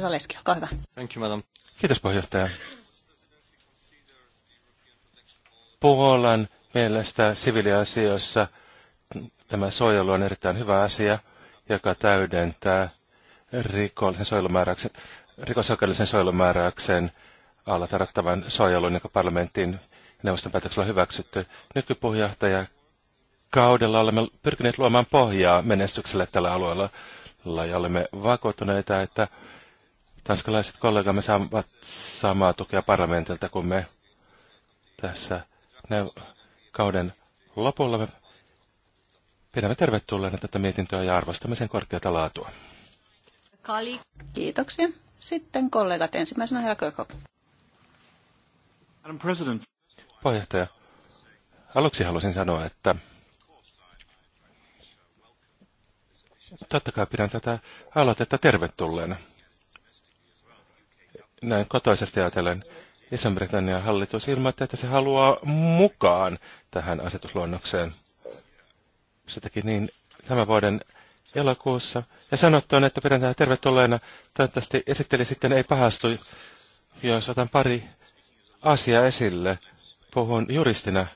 Saleski, olkaa hyvä. Thank you, madam. Kiitos puheenjohtaja. Puolan mielestä siviiliasioissa tämä suojelu on erittäin hyvä asia, joka täydentää rikollisen suojelumääräyksen, rikosoikeudellisen suojelumääräyksen alla tarvittavan suojelun, joka parlamentin neuvoston päätöksellä on hyväksytty. Nykypuheenjohtaja kaudella olemme pyrkineet luomaan pohjaa menestykselle tällä alueella ja olemme vakuuttuneita, että tanskalaiset kollegamme saavat samaa tukea parlamentilta kuin me tässä kauden lopulla. Me pidämme tervetulleena tätä mietintöä ja arvostamme sen korkeata laatua. Kiitoksia. Sitten kollegat. Ensimmäisenä herra Kökö. Puheenjohtaja, aluksi halusin sanoa, että totta kai pidän tätä aloitetta tervetulleena näin kotoisesti ajatellen Iso-Britannian hallitus ilmoitti, että se haluaa mukaan tähän asetusluonnokseen. Se teki niin tämän vuoden elokuussa. Ja sanottuun, että pidän tähän tervetulleena. Toivottavasti esitteli sitten ei pahastu, jos otan pari asiaa esille. Puhun juristina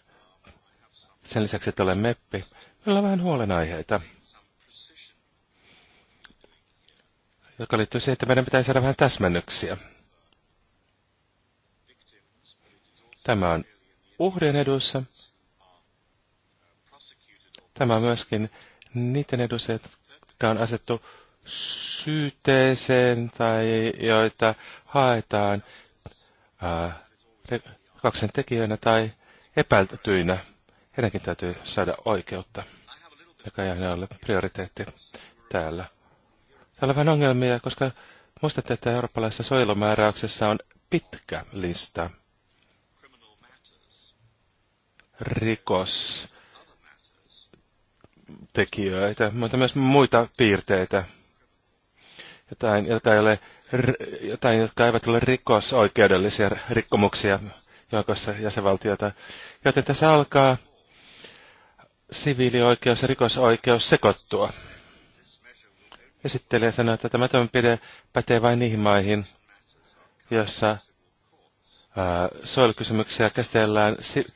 sen lisäksi, että olen meppi. Meillä on vähän huolenaiheita, joka liittyy siihen, että meidän pitäisi saada vähän täsmennyksiä. Tämä on uhrien eduissa. Tämä on myöskin niiden eduissa, jotka on asettu syyteeseen tai joita haetaan äh, rikoksen tekijöinä tai epäiltyinä. Heidänkin täytyy saada oikeutta, joka ei ole prioriteetti täällä. Täällä on vähän ongelmia, koska muistatte, että eurooppalaisessa soilumääräyksessä on pitkä lista – rikos tekijöitä, mutta myös muita piirteitä. Jotain, jotka, ei ole, jotain, jotka eivät ole rikosoikeudellisia rikkomuksia joukossa jäsenvaltioita. Joten tässä alkaa siviilioikeus ja rikosoikeus sekoittua. Esittelijä sanoi, että tämä toimenpide pätee vain niihin maihin, jossa suojelukysymyksiä käsitellään si-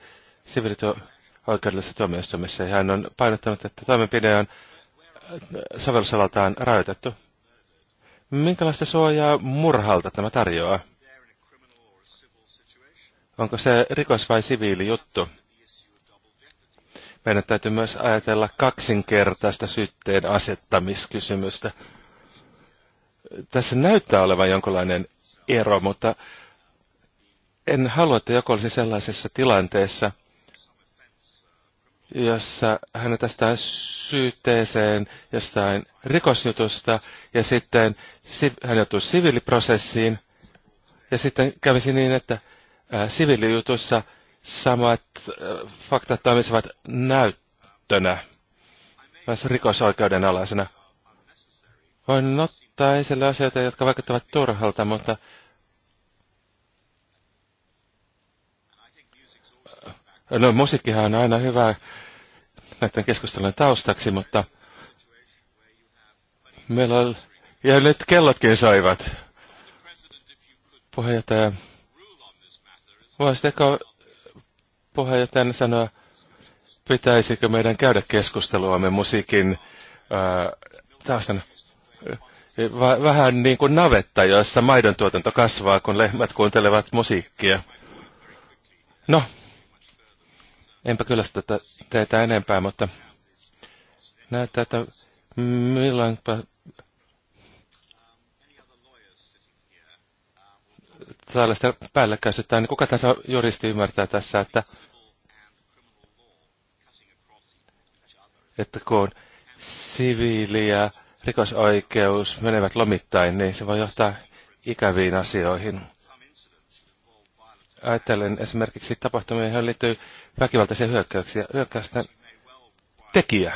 siviilioikeudellisessa tuomioistuimessa. Ja hän on painottanut, että toimenpide on äh, sovellusalaltaan rajoitettu. Minkälaista suojaa murhalta tämä tarjoaa? Onko se rikos- vai juttu? Meidän täytyy myös ajatella kaksinkertaista syytteen asettamiskysymystä. Tässä näyttää olevan jonkinlainen ero, mutta en halua, että joku olisi sellaisessa tilanteessa, jossa hän tästään syytteeseen jostain rikosjutusta ja sitten hän joutuu siviiliprosessiin. Ja sitten kävisi niin, että siviilijutussa samat faktat toimisivat näyttönä, myös rikosoikeuden alaisena. Voin ottaa esille asioita, jotka vaikuttavat turhalta, mutta No musiikkihan on aina hyvä näiden keskustelujen taustaksi, mutta meillä on... Ja nyt kellotkin soivat. Puheenjohtaja, voisitteko puheenjohtajana sanoa, pitäisikö meidän käydä keskusteluamme musiikin ää, äh, taustan vähän niin kuin navetta, jossa maidon tuotanto kasvaa, kun lehmät kuuntelevat musiikkia. No, Enpä kyllä sitä teitä enempää, mutta näyttää, että milloinpä tällaista päällekkäisyyttä, niin kuka tässä juristi ymmärtää tässä, että, että kun siviili ja rikosoikeus menevät lomittain, niin se voi johtaa ikäviin asioihin ajattelen esimerkiksi tapahtumia, joihin liittyy väkivaltaisia hyökkäyksiä, hyökkäysten tekijä.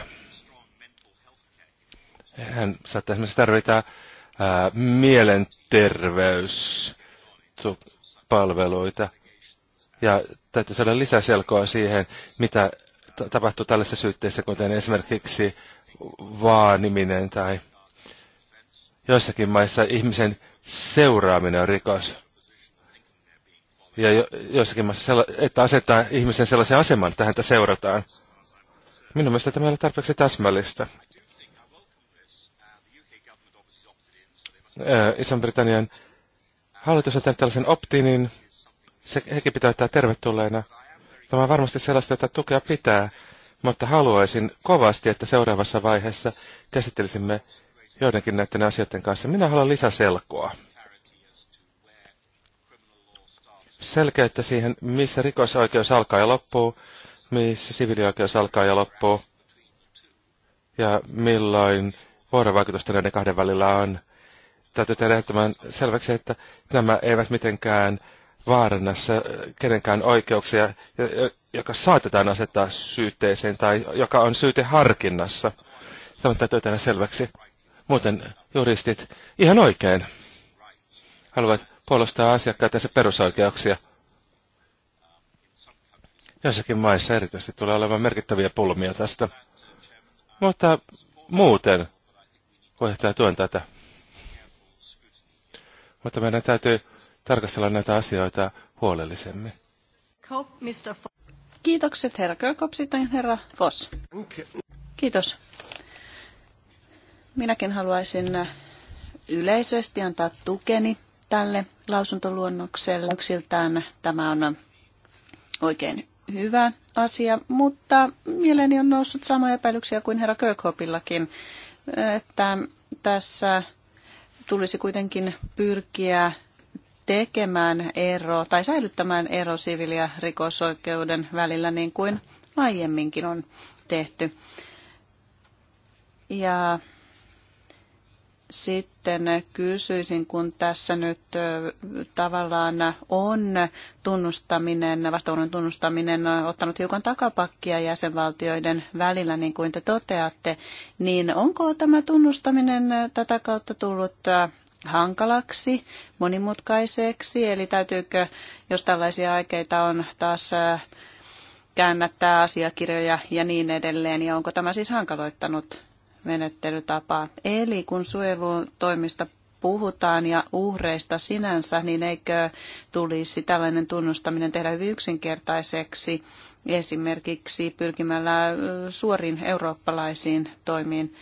Hän saattaa esimerkiksi tarvita ää, mielenterveyspalveluita. Ja täytyy saada lisäselkoa siihen, mitä tapahtuu tällaisessa syytteessä, kuten esimerkiksi vaaniminen tai joissakin maissa ihmisen seuraaminen on rikos ja jo, joissakin maissa, että asettaa ihmisen sellaisen aseman, että häntä seurataan. Minun mielestä tämä ei ole tarpeeksi täsmällistä. Iso-Britannian hallitus on tehnyt tällaisen optinin, se, hekin pitää tämä tervetulleena. Tämä on varmasti sellaista, että tukea pitää, mutta haluaisin kovasti, että seuraavassa vaiheessa käsittelisimme joidenkin näiden asioiden kanssa. Minä haluan lisäselkoa. selkeyttä siihen, missä rikosoikeus alkaa ja loppuu, missä sivilioikeus alkaa ja loppuu, ja milloin vuorovaikutusta näiden kahden välillä on. Täytyy tehdä ehdottoman selväksi, että nämä eivät mitenkään vaarannassa kenenkään oikeuksia, joka saatetaan asettaa syytteeseen tai joka on syyte harkinnassa, Tämä täytyy tehdä selväksi. Muuten juristit ihan oikein haluavat puolustaa asiakkaita ja perusoikeuksia. Jossakin maissa erityisesti tulee olemaan merkittäviä pulmia tästä. Mutta muuten puheenjohtaja tuen tätä. Mutta meidän täytyy tarkastella näitä asioita huolellisemmin. Kiitokset herra Kirkop, sitten herra Foss. Kiitos. Minäkin haluaisin yleisesti antaa tukeni tälle lausuntoluonnokselle. Yksiltään tämä on oikein hyvä asia, mutta mieleeni on noussut samoja epäilyksiä kuin herra Kökhoppillakin, että tässä tulisi kuitenkin pyrkiä tekemään ero tai säilyttämään ero siviili- ja rikosoikeuden välillä niin kuin aiemminkin on tehty. Ja sitten kysyisin, kun tässä nyt tavallaan on tunnustaminen, vastavuoron tunnustaminen ottanut hiukan takapakkia jäsenvaltioiden välillä, niin kuin te toteatte, niin onko tämä tunnustaminen tätä kautta tullut hankalaksi, monimutkaiseksi, eli täytyykö, jos tällaisia aikeita on taas käännättää asiakirjoja ja niin edelleen, ja onko tämä siis hankaloittanut menettelytapaa. Eli kun suojelutoimista puhutaan ja uhreista sinänsä, niin eikö tulisi tällainen tunnustaminen tehdä hyvin yksinkertaiseksi esimerkiksi pyrkimällä suoriin eurooppalaisiin toimiin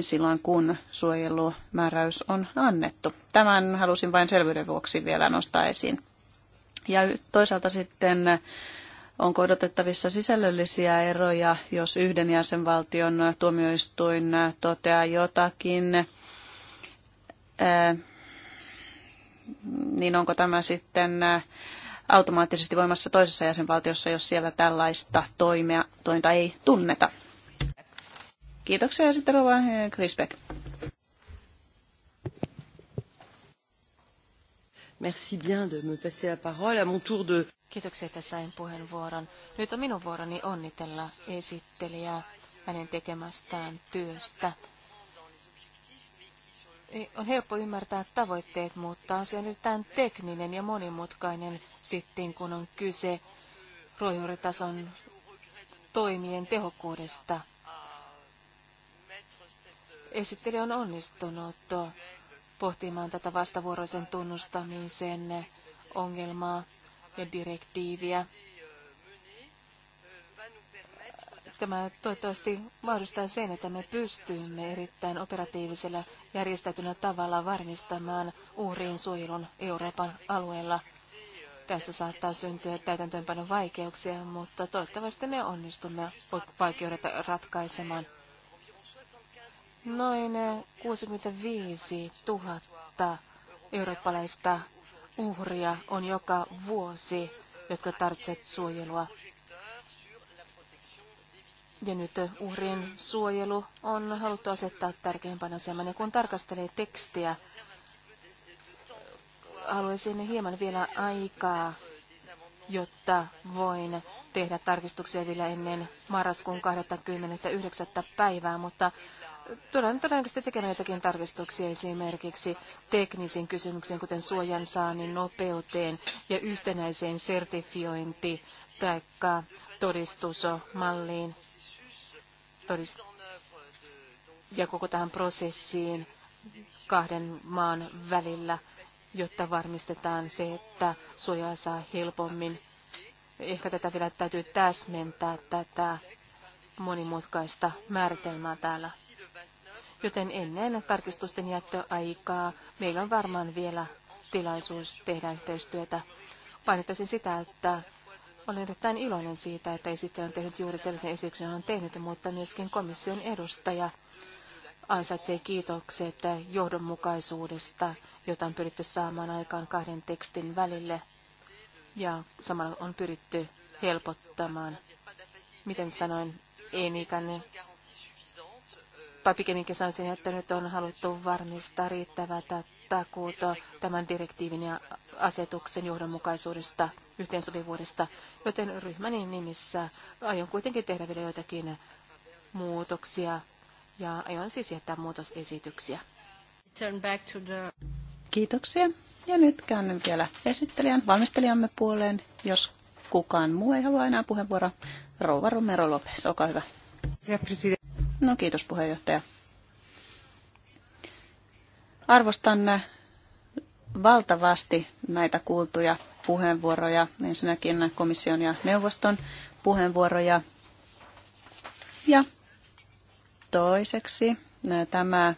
silloin, kun suojelumääräys on annettu. Tämän halusin vain selvyyden vuoksi vielä nostaa esiin. Ja toisaalta sitten Onko odotettavissa sisällöllisiä eroja, jos yhden jäsenvaltion tuomioistuin toteaa jotakin, niin onko tämä sitten automaattisesti voimassa toisessa jäsenvaltiossa, jos siellä tällaista toimea, tointa ei tunneta? Kiitoksia ja sitten Rova Grisbeck. Merci bien de me passer la parole. À mon tour de Kiitoksia, että sain puheenvuoron. Nyt on minun vuoroni onnitella esittelijää hänen tekemästään työstä. E, on helppo ymmärtää tavoitteet, mutta asia on tämän tekninen ja monimutkainen sitten, kun on kyse ruohonjuuritason toimien tehokkuudesta. Esittelijä on onnistunut pohtimaan tätä vastavuoroisen tunnustamisen ongelmaa ja direktiiviä. Tämä toivottavasti mahdollistaa sen, että me pystymme erittäin operatiivisella järjestäytynä tavalla varmistamaan uhriin suojelun Euroopan alueella. Tässä saattaa syntyä täytäntöönpanon vaikeuksia, mutta toivottavasti me onnistumme vaikeudet ratkaisemaan. Noin 65 000 eurooppalaista uhria on joka vuosi, jotka tarvitsevat suojelua. Ja nyt uhrin suojelu on haluttu asettaa tärkeimpänä asemana. Kun tarkastelee tekstiä, haluaisin hieman vielä aikaa, jotta voin tehdä tarkistuksia vielä ennen marraskuun 29. päivää, mutta tullaan todennäköisesti tekemään jotakin tarkistuksia esimerkiksi teknisiin kysymyksiin, kuten suojan saannin nopeuteen ja yhtenäiseen sertifiointi- tai todistusmalliin todist- ja koko tähän prosessiin kahden maan välillä, jotta varmistetaan se, että suojaa saa helpommin. Ehkä tätä vielä täytyy täsmentää tätä monimutkaista määritelmää täällä joten ennen tarkistusten jättöaikaa meillä on varmaan vielä tilaisuus tehdä yhteistyötä. Painottaisin sitä, että olen erittäin iloinen siitä, että esittely on tehnyt juuri sellaisen esityksen, on tehnyt, mutta myöskin komission edustaja ansaitsee kiitokset johdonmukaisuudesta, jota on pyritty saamaan aikaan kahden tekstin välille. Ja samalla on pyritty helpottamaan, miten sanoin, ei tai pikemminkin sanoisin, että nyt on haluttu varmistaa riittävät takuut tämän direktiivin ja asetuksen johdonmukaisuudesta, yhteensopivuudesta, joten ryhmäni nimissä aion kuitenkin tehdä vielä joitakin muutoksia ja aion siis jättää muutosesityksiä. Kiitoksia. Ja nyt käännyn vielä esittelijän, valmistelijamme puoleen, jos kukaan muu ei halua enää puheenvuoroa. Rouva Romero Lopes, olkaa hyvä. No kiitos puheenjohtaja. Arvostan valtavasti näitä kuultuja puheenvuoroja, ensinnäkin komission ja neuvoston puheenvuoroja. Ja toiseksi tämä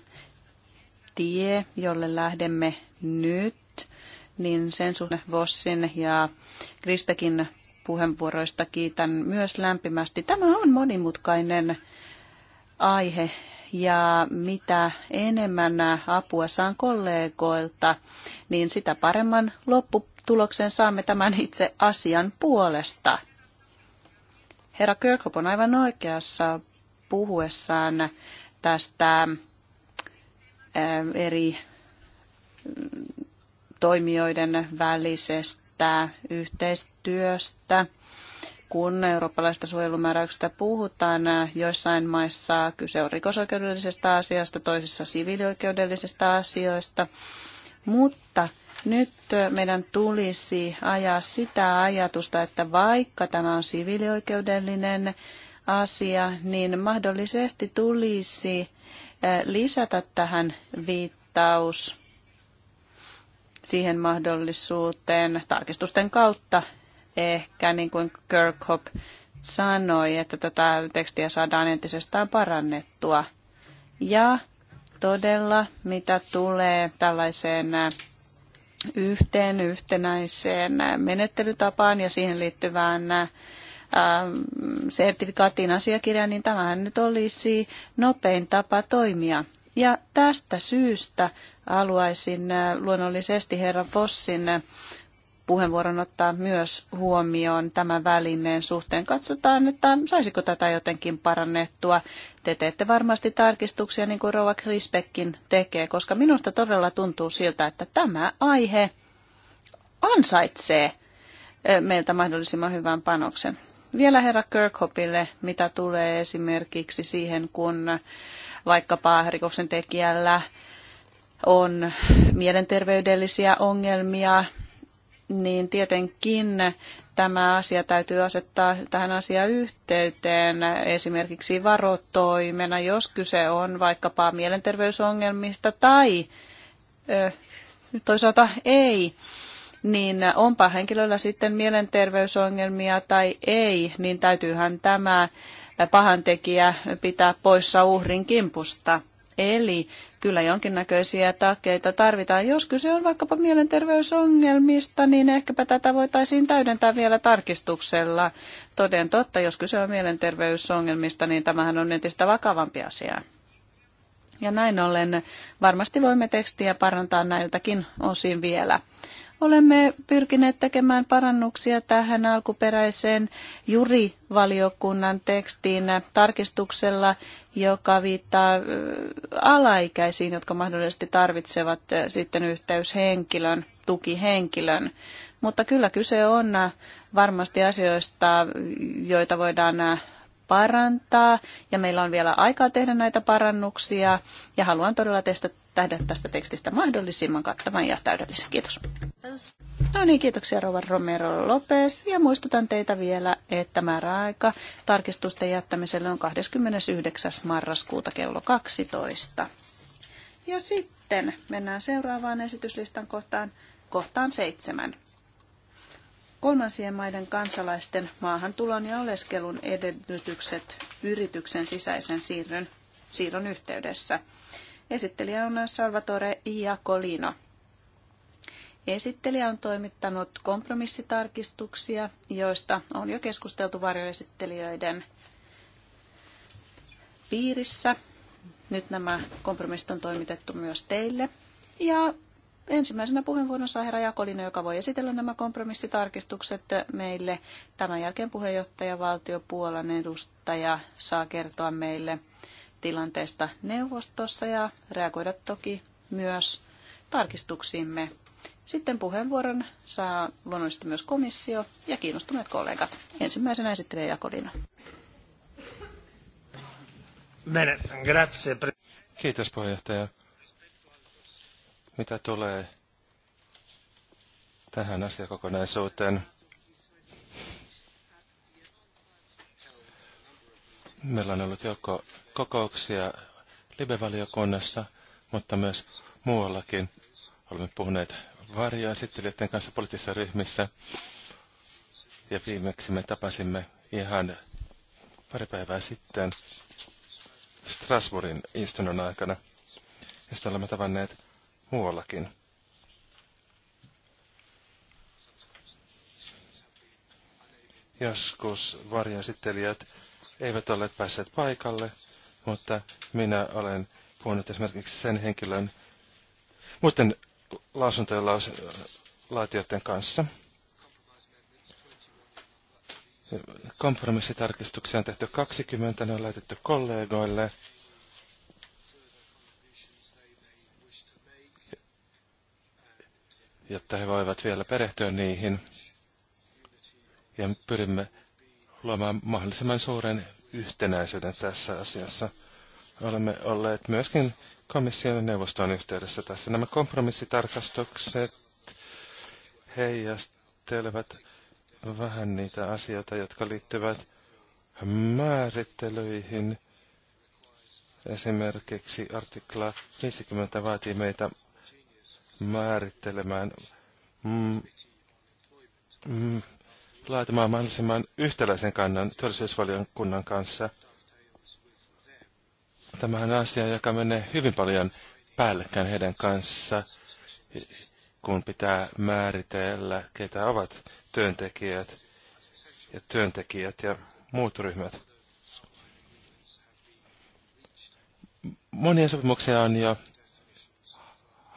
tie, jolle lähdemme nyt, niin sen suhteen Vossin ja Krispekin puheenvuoroista kiitän myös lämpimästi. Tämä on monimutkainen aihe ja mitä enemmän apua saan kollegoilta, niin sitä paremman lopputuloksen saamme tämän itse asian puolesta. Herra Kirkhope on aivan oikeassa puhuessaan tästä eh, eri mm, toimijoiden välisestä yhteistyöstä – kun eurooppalaista suojelumääräyksistä puhutaan, joissain maissa kyse on rikosoikeudellisesta asiasta, toisissa siviilioikeudellisesta asioista. Mutta nyt meidän tulisi ajaa sitä ajatusta, että vaikka tämä on siviilioikeudellinen asia, niin mahdollisesti tulisi eh, lisätä tähän viittaus siihen mahdollisuuteen tarkistusten kautta ehkä, niin kuin Kirkhope sanoi, että tätä tekstiä saadaan entisestään parannettua. Ja todella, mitä tulee tällaiseen äh, yhteen yhtenäiseen äh, menettelytapaan ja siihen liittyvään äh, sertifikaatin asiakirjaan, niin tämähän nyt olisi nopein tapa toimia. Ja tästä syystä haluaisin luonnollisesti herra Fossin puheenvuoron ottaa myös huomioon tämän välineen suhteen. Katsotaan, että saisiko tätä jotenkin parannettua. Te teette varmasti tarkistuksia, niin kuin Rova Krispekin tekee, koska minusta todella tuntuu siltä, että tämä aihe ansaitsee meiltä mahdollisimman hyvän panoksen. Vielä herra Kirkhopille, mitä tulee esimerkiksi siihen, kun vaikkapa rikoksen tekijällä on mielenterveydellisiä ongelmia, niin tietenkin tämä asia täytyy asettaa tähän asiaan yhteyteen esimerkiksi varotoimena, jos kyse on vaikkapa mielenterveysongelmista tai toisaalta ei, niin onpa henkilöllä sitten mielenterveysongelmia tai ei, niin täytyyhän tämä pahantekijä pitää poissa uhrin kimpusta. Eli kyllä jonkinnäköisiä takeita tarvitaan. Jos kyse on vaikkapa mielenterveysongelmista, niin ehkäpä tätä voitaisiin täydentää vielä tarkistuksella. Toden totta, jos kyse on mielenterveysongelmista, niin tämähän on entistä vakavampi asia. Ja näin ollen varmasti voimme tekstiä parantaa näiltäkin osin vielä olemme pyrkineet tekemään parannuksia tähän alkuperäiseen jurivaliokunnan tekstiin tarkistuksella, joka viittaa alaikäisiin, jotka mahdollisesti tarvitsevat sitten yhteyshenkilön, tukihenkilön. Mutta kyllä kyse on varmasti asioista, joita voidaan parantaa ja meillä on vielä aikaa tehdä näitä parannuksia ja haluan todella teistä tähdä tästä tekstistä mahdollisimman kattavan ja täydellisen. Kiitos. No niin, kiitoksia Rova Romero Lopez ja muistutan teitä vielä, että määräaika tarkistusten jättämiselle on 29. marraskuuta kello 12. Ja sitten mennään seuraavaan esityslistan kohtaan, kohtaan seitsemän kolmansien maiden kansalaisten maahantulon ja oleskelun edellytykset yrityksen sisäisen siirron, siirron yhteydessä. Esittelijä on Salvatore Iacolino. Esittelijä on toimittanut kompromissitarkistuksia, joista on jo keskusteltu varjoesittelijöiden piirissä. Nyt nämä kompromissit on toimitettu myös teille. Ja Ensimmäisenä puheenvuoron saa herra Jakolinen, joka voi esitellä nämä kompromissitarkistukset meille. Tämän jälkeen puheenjohtaja valtiopuolan edustaja saa kertoa meille tilanteesta neuvostossa ja reagoida toki myös tarkistuksiimme. Sitten puheenvuoron saa luonnollisesti myös komissio ja kiinnostuneet kollegat. Ensimmäisenä esittelee Jakolino. Kiitos puheenjohtaja. Mitä tulee tähän asiakokonaisuuteen, meillä on ollut joko kokouksia libevaliokunnassa, mutta myös muuallakin. Olemme puhuneet esittelijöiden kanssa poliittisissa ryhmissä. Ja viimeksi me tapasimme ihan pari päivää sitten Strasbourgin istunnon aikana. Ja sitten olemme tavanneet muuallakin. Joskus varjensittelijät eivät ole päässeet paikalle, mutta minä olen puhunut esimerkiksi sen henkilön muiden lausuntojen laus, laatijoiden kanssa. Kompromissitarkistuksia on tehty 20, ne on laitettu kollegoille. jotta he voivat vielä perehtyä niihin. Ja pyrimme luomaan mahdollisimman suuren yhtenäisyyden tässä asiassa. Olemme olleet myöskin komission ja neuvoston yhteydessä tässä. Nämä kompromissitarkastukset heijastelevat vähän niitä asioita, jotka liittyvät määrittelyihin. Esimerkiksi artikla 50 vaatii meitä määrittelemään, mm, mm, laatimaan mahdollisimman yhtäläisen kannan työllisyysvaliokunnan kanssa. Tämähän on asia, joka menee hyvin paljon päällekkäin heidän kanssa, kun pitää määritellä, ketä ovat työntekijät ja työntekijät ja muut ryhmät. Monia sopimuksia on jo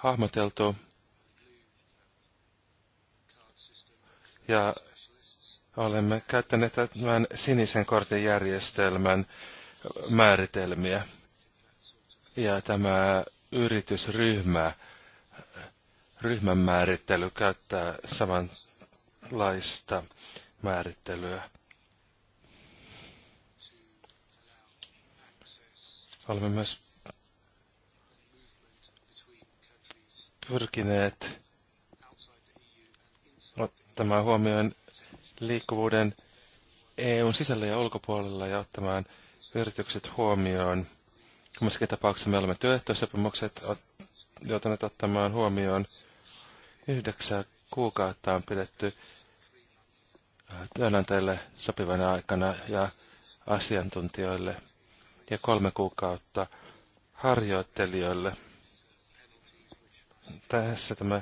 hahmoteltu. Ja olemme käyttäneet tämän sinisen kortin järjestelmän määritelmiä. Ja tämä yritysryhmä, ryhmän määrittely käyttää samanlaista määrittelyä. Olemme myös pyrkineet ottamaan huomioon liikkuvuuden EUn sisällä ja ulkopuolella ja ottamaan yritykset huomioon. Kummassakin tapauksessa me olemme työehtosopimukset joutuneet ottamaan huomioon. Yhdeksän kuukautta on pidetty työnantajille sopivana aikana ja asiantuntijoille ja kolme kuukautta harjoittelijoille tässä tämä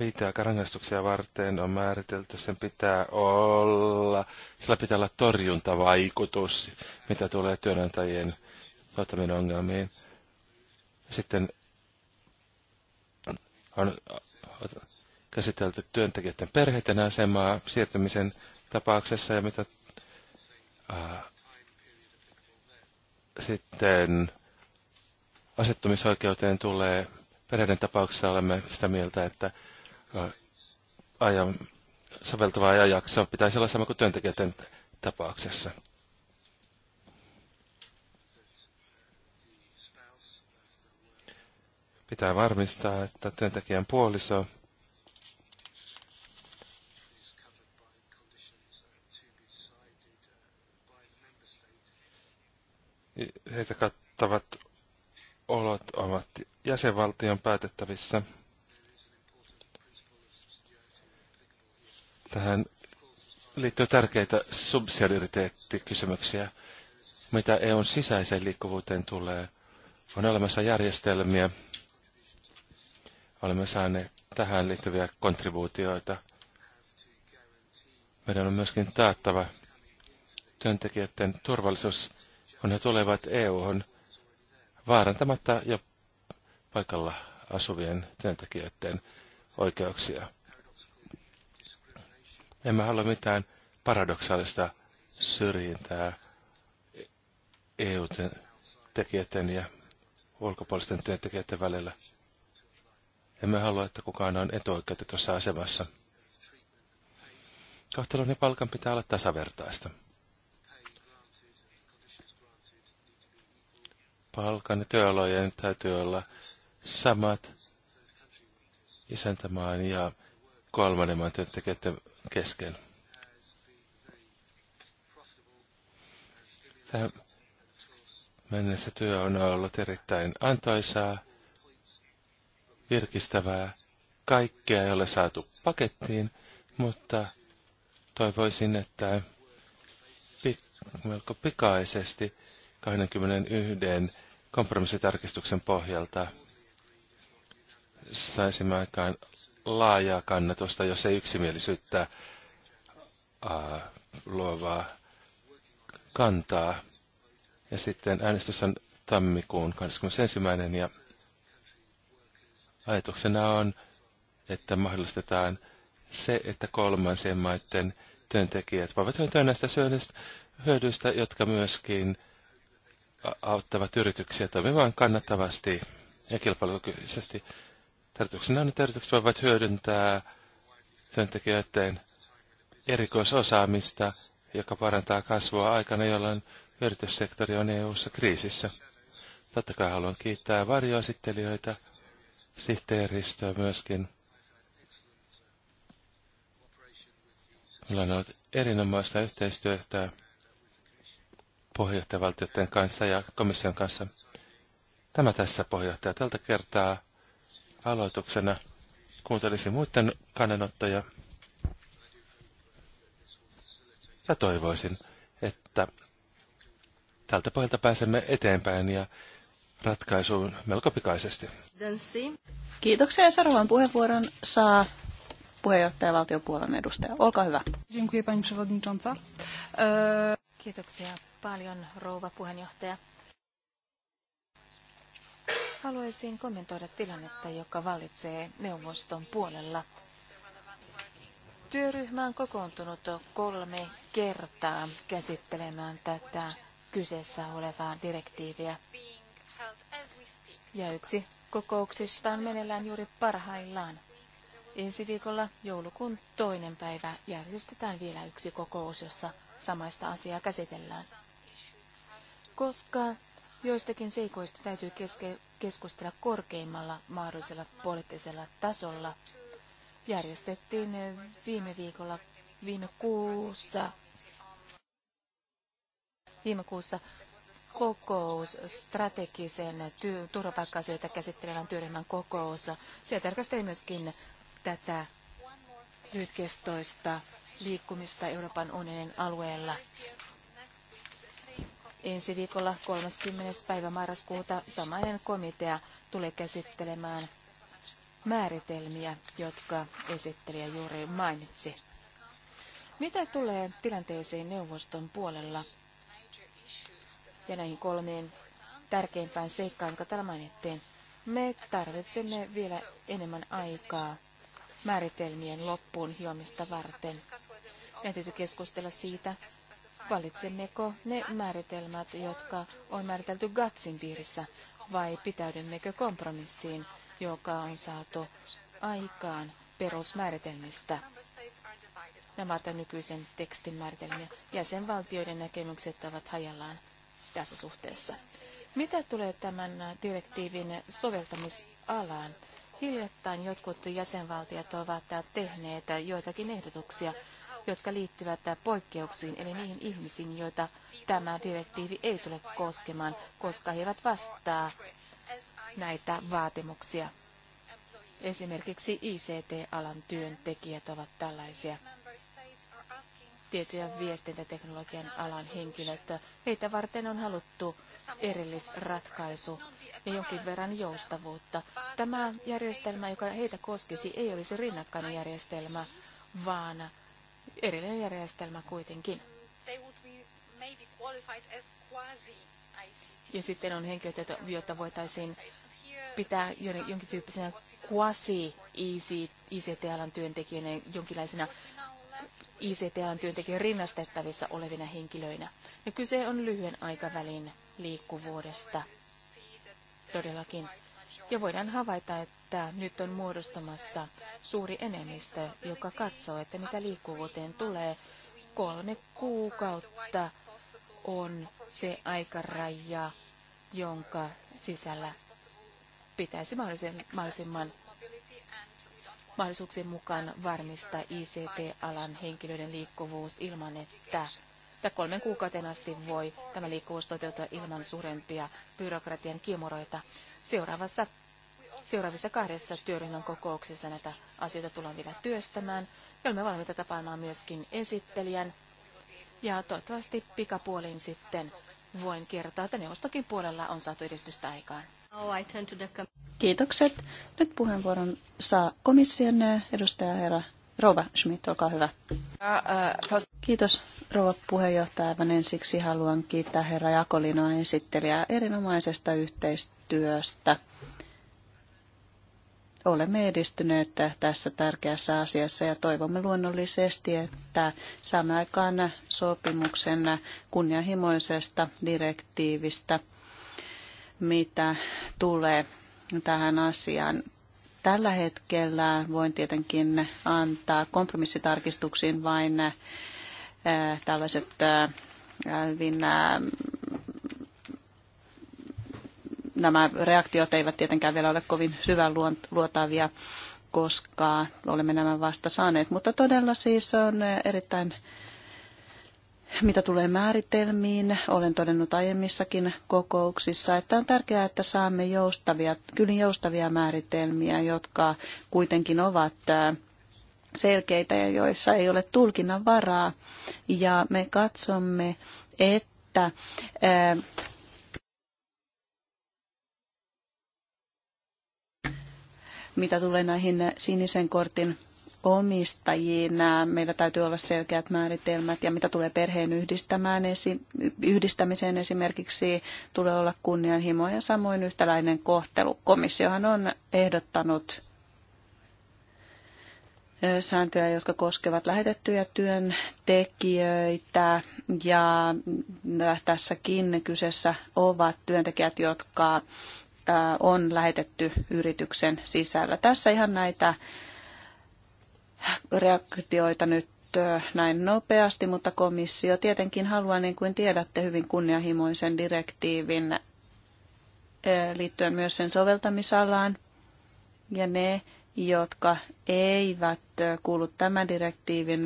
viiteaika rangaistuksia varten on määritelty, sen pitää olla, sillä pitää olla torjuntavaikutus, mitä tulee työnantajien tuottamien ongelmiin. Sitten on käsitelty työntekijöiden perheiden asemaa siirtymisen tapauksessa ja mitä äh, sitten asettumisoikeuteen tulee Perheiden tapauksessa olemme sitä mieltä, että ajan, soveltava ajanjakso pitäisi olla sama kuin työntekijöiden tapauksessa. Pitää varmistaa, että työntekijän puoliso heitä kattavat olot ovat jäsenvaltion päätettävissä. Tähän liittyy tärkeitä subsidiariteettikysymyksiä. Mitä EUn sisäiseen liikkuvuuteen tulee, on olemassa järjestelmiä. Olemme saaneet tähän liittyviä kontribuutioita. Meidän on myöskin taattava työntekijöiden turvallisuus, kun he tulevat EU-hon vaarantamatta ja paikalla asuvien työntekijöiden oikeuksia. Emme halua mitään paradoksaalista syrjintää EU-tekijöiden ja ulkopuolisten työntekijöiden välillä. Emme halua, että kukaan on etuoikeutetussa asemassa. Kohtelun ja palkan pitää olla tasavertaista. palkan ja työolojen täytyy olla samat isäntämaan ja kolmannen maan työntekijöiden kesken. Tämä mennessä työ on ollut erittäin antoisaa, virkistävää. Kaikkea ei ole saatu pakettiin, mutta toivoisin, että pik- melko pikaisesti 21 kompromissitarkistuksen pohjalta saisimme aikaan laajaa kannatusta, jos ei yksimielisyyttä ää, luovaa kantaa. Ja sitten äänestys on tammikuun 21. ja ajatuksena on, että mahdollistetaan se, että kolmansien maiden työntekijät voivat hyötyä näistä hyödyistä, jotka myöskin – auttavat yrityksiä toimimaan kannattavasti ja kilpailukykyisesti. Tarkoituksena on, että yritykset voivat hyödyntää työntekijöiden erikoisosaamista, joka parantaa kasvua aikana, jolloin yrityssektori on EU-ssa kriisissä. Totta kai haluan kiittää varjoesittelijöitä, sihteeristöä myöskin. Meillä on ollut erinomaista yhteistyötä puheenjohtajavaltioiden kanssa ja komission kanssa. Tämä tässä puheenjohtaja tältä kertaa aloituksena. Kuuntelisin muiden kannanottoja ja toivoisin, että tältä pohjalta pääsemme eteenpäin ja ratkaisuun melko pikaisesti. Kiitoksia ja seuraavan puheenvuoron saa puheenjohtaja valtiopuolen edustaja. Olkaa hyvä. E, Kiitoksia paljon, rouva puheenjohtaja. Haluaisin kommentoida tilannetta, joka vallitsee neuvoston puolella. Työryhmä on kokoontunut kolme kertaa käsittelemään tätä kyseessä olevaa direktiiviä. Ja yksi kokouksista on meneillään juuri parhaillaan. Ensi viikolla joulukuun toinen päivä järjestetään vielä yksi kokous, jossa samaista asiaa käsitellään koska joistakin seikoista täytyy keske- keskustella korkeimmalla mahdollisella poliittisella tasolla. Järjestettiin viime viikolla, viime kuussa, viime kuussa kokous, strategisen työ, turvapaikka-asioita käsittelevän työryhmän kokous. Siellä tarkasteli myöskin tätä lyhytkestoista liikkumista Euroopan unionin alueella. Ensi viikolla 30. päivä marraskuuta samainen komitea tulee käsittelemään määritelmiä, jotka esittelijä juuri mainitsi. Mitä tulee tilanteeseen neuvoston puolella ja näihin kolmeen tärkeimpään seikkaan, jotka täällä mainittiin, me tarvitsemme vielä enemmän aikaa määritelmien loppuun hiomista varten. Meidän täytyy keskustella siitä, Valitsemmeko ne määritelmät, jotka on määritelty GATSin piirissä, vai pitäydymmekö kompromissiin, joka on saatu aikaan perusmääritelmistä? Nämä ovat nykyisen tekstin määritelmiä. Jäsenvaltioiden näkemykset ovat hajallaan tässä suhteessa. Mitä tulee tämän direktiivin soveltamisalaan? Hiljattain jotkut jäsenvaltiot ovat tehneet joitakin ehdotuksia jotka liittyvät poikkeuksiin, eli niihin ihmisiin, joita tämä direktiivi ei tule koskemaan, koska he eivät vastaa näitä vaatimuksia. Esimerkiksi ICT-alan työntekijät ovat tällaisia. ja viestintäteknologian alan henkilöt. Heitä varten on haluttu erillisratkaisu ja jonkin verran joustavuutta. Tämä järjestelmä, joka heitä koskisi, ei olisi rinnakkainen järjestelmä, vaan erillinen järjestelmä kuitenkin. Ja sitten on henkilöitä, joita voitaisiin pitää jonkin tyyppisenä quasi-ICT-alan työntekijöinä, jonkinlaisina ICT-alan työntekijöiden rinnastettavissa olevina henkilöinä. Ja kyse on lyhyen aikavälin liikkuvuudesta todellakin. Ja voidaan havaita, että nyt on muodostumassa suuri enemmistö, joka katsoo, että mitä liikkuvuuteen tulee. Kolme kuukautta on se aikaraja, jonka sisällä pitäisi mahdollisimman mahdollisuuksien mukaan varmistaa ICT-alan henkilöiden liikkuvuus ilman, että että kolmen kuukauden asti voi tämä liikkuvuus toteutua ilman suurempia byrokratian kiemuroita. Seuraavassa Seuraavissa kahdessa työryhmän kokouksessa näitä asioita tullaan vielä työstämään. Ja olemme valmiita tapaamaan myöskin esittelijän. Ja toivottavasti pikapuolin sitten voin kertoa, että neuvostokin puolella on saatu edistystä aikaan. Kiitokset. Nyt puheenvuoron saa komission edustaja herra Rova Schmidt, olkaa hyvä. Uh, uh, Kiitos rouva puheenjohtaja. Aivan ensiksi haluan kiittää herra Jakolinoa esittelijää erinomaisesta yhteistyöstä. Olemme edistyneet tässä tärkeässä asiassa ja toivomme luonnollisesti, että saamme aikaan sopimuksen kunnianhimoisesta direktiivistä, mitä tulee tähän asiaan tällä hetkellä voin tietenkin antaa kompromissitarkistuksiin vain Äh, tällaiset äh, hyvin äh, nämä reaktiot eivät tietenkään vielä ole kovin syvän luotaavia, koska olemme nämä vasta saaneet. Mutta todella siis on erittäin, mitä tulee määritelmiin, olen todennut aiemmissakin kokouksissa, että on tärkeää, että saamme joustavia, kyllä joustavia määritelmiä, jotka kuitenkin ovat selkeitä ja joissa ei ole tulkinnan varaa. Ja me katsomme, että mitä tulee näihin sinisen kortin omistajiin, meillä täytyy olla selkeät määritelmät ja mitä tulee perheen yhdistämään, esi- yhdistämiseen esimerkiksi, tulee olla kunnianhimo ja samoin yhtäläinen kohtelu. Komissiohan on ehdottanut sääntöjä, jotka koskevat lähetettyjä työntekijöitä. Ja mm, tässäkin kyseessä ovat työntekijät, jotka on lähetetty yrityksen sisällä. Tässä ihan näitä reaktioita nyt näin nopeasti, mutta komissio tietenkin haluaa, niin kuin tiedätte, hyvin kunnianhimoisen direktiivin liittyen myös sen soveltamisalaan. Ja ne jotka eivät kuulu tämän direktiivin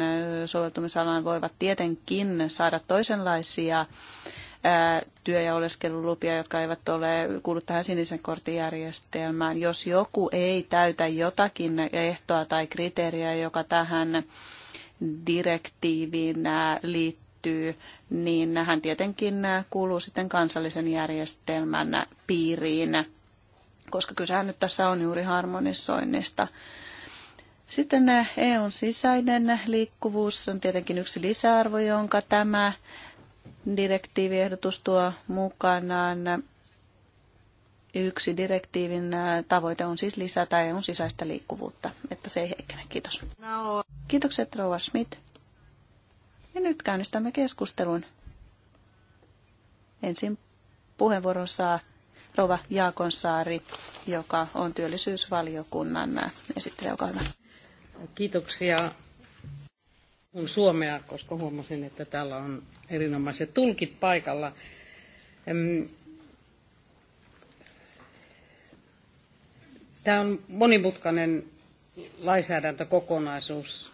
soveltumisalaan, voivat tietenkin saada toisenlaisia työ- ja oleskelulupia, jotka eivät ole kuulu tähän sinisen kortijärjestelmään. Jos joku ei täytä jotakin ehtoa tai kriteeriä, joka tähän direktiiviin liittyy, niin hän tietenkin kuuluu sitten kansallisen järjestelmän piiriin koska kysehän nyt tässä on juuri harmonisoinnista. Sitten EUn sisäinen liikkuvuus on tietenkin yksi lisäarvo, jonka tämä direktiiviehdotus tuo mukanaan. Yksi direktiivin tavoite on siis lisätä EUn sisäistä liikkuvuutta, että se ei heikkene. Kiitos. No. Kiitokset Rova Schmidt. Ja nyt käynnistämme keskustelun. Ensin puheenvuoron saa Rova Jaakonsaari, joka on työllisyysvaliokunnan esittelijä. Olkaa hyvä. Kiitoksia Puhun suomea, koska huomasin, että täällä on erinomaiset tulkit paikalla. Tämä on monimutkainen lainsäädäntökokonaisuus.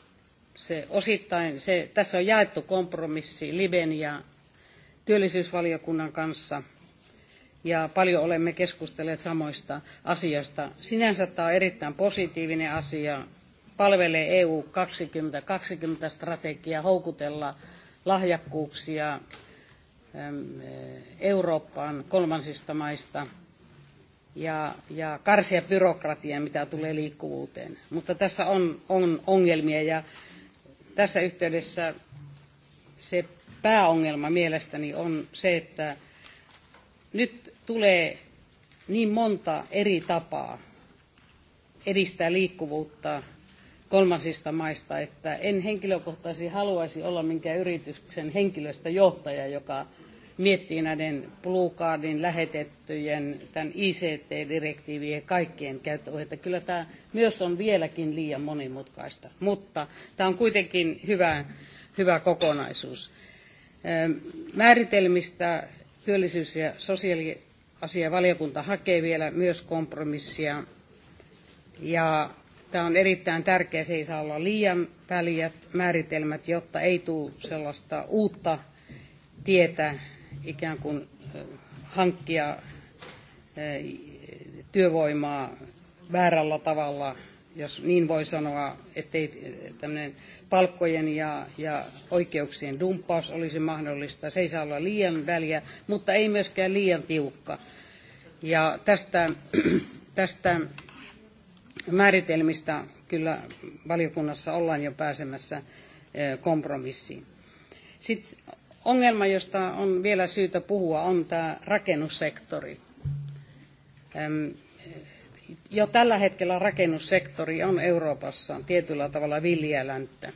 Se osittain, se, tässä on jaettu kompromissi Liben ja työllisyysvaliokunnan kanssa – ja paljon olemme keskustelleet samoista asioista. Sinänsä tämä on erittäin positiivinen asia, palvelee EU 2020 strategiaa, houkutella lahjakkuuksia Eurooppaan kolmansista maista ja, ja karsia byrokratiaa, mitä tulee liikkuvuuteen. Mutta tässä on, on ongelmia ja tässä yhteydessä se pääongelma mielestäni on se, että nyt tulee niin monta eri tapaa edistää liikkuvuutta kolmansista maista, että en henkilökohtaisesti haluaisi olla minkään yrityksen henkilöstöjohtaja, joka miettii näiden Cardin lähetettyjen, tämän ICT-direktiivien ja kaikkien käyttöohjeita. Kyllä tämä myös on vieläkin liian monimutkaista, mutta tämä on kuitenkin hyvä, hyvä kokonaisuus. Määritelmistä työllisyys- ja sosiaaliasiavaliokunta hakee vielä myös kompromissia. Ja tämä on erittäin tärkeä, se ei saa olla liian väliät määritelmät, jotta ei tule sellaista uutta tietä ikään kuin hankkia työvoimaa väärällä tavalla – jos niin voi sanoa, ettei tämmöinen palkkojen ja, ja oikeuksien dumppaus olisi mahdollista. Se ei saa olla liian väliä, mutta ei myöskään liian tiukka. Ja tästä, tästä määritelmistä kyllä valiokunnassa ollaan jo pääsemässä kompromissiin. Sitten ongelma, josta on vielä syytä puhua, on tämä rakennussektori jo tällä hetkellä rakennussektori on Euroopassa tietyllä tavalla viljelänttä.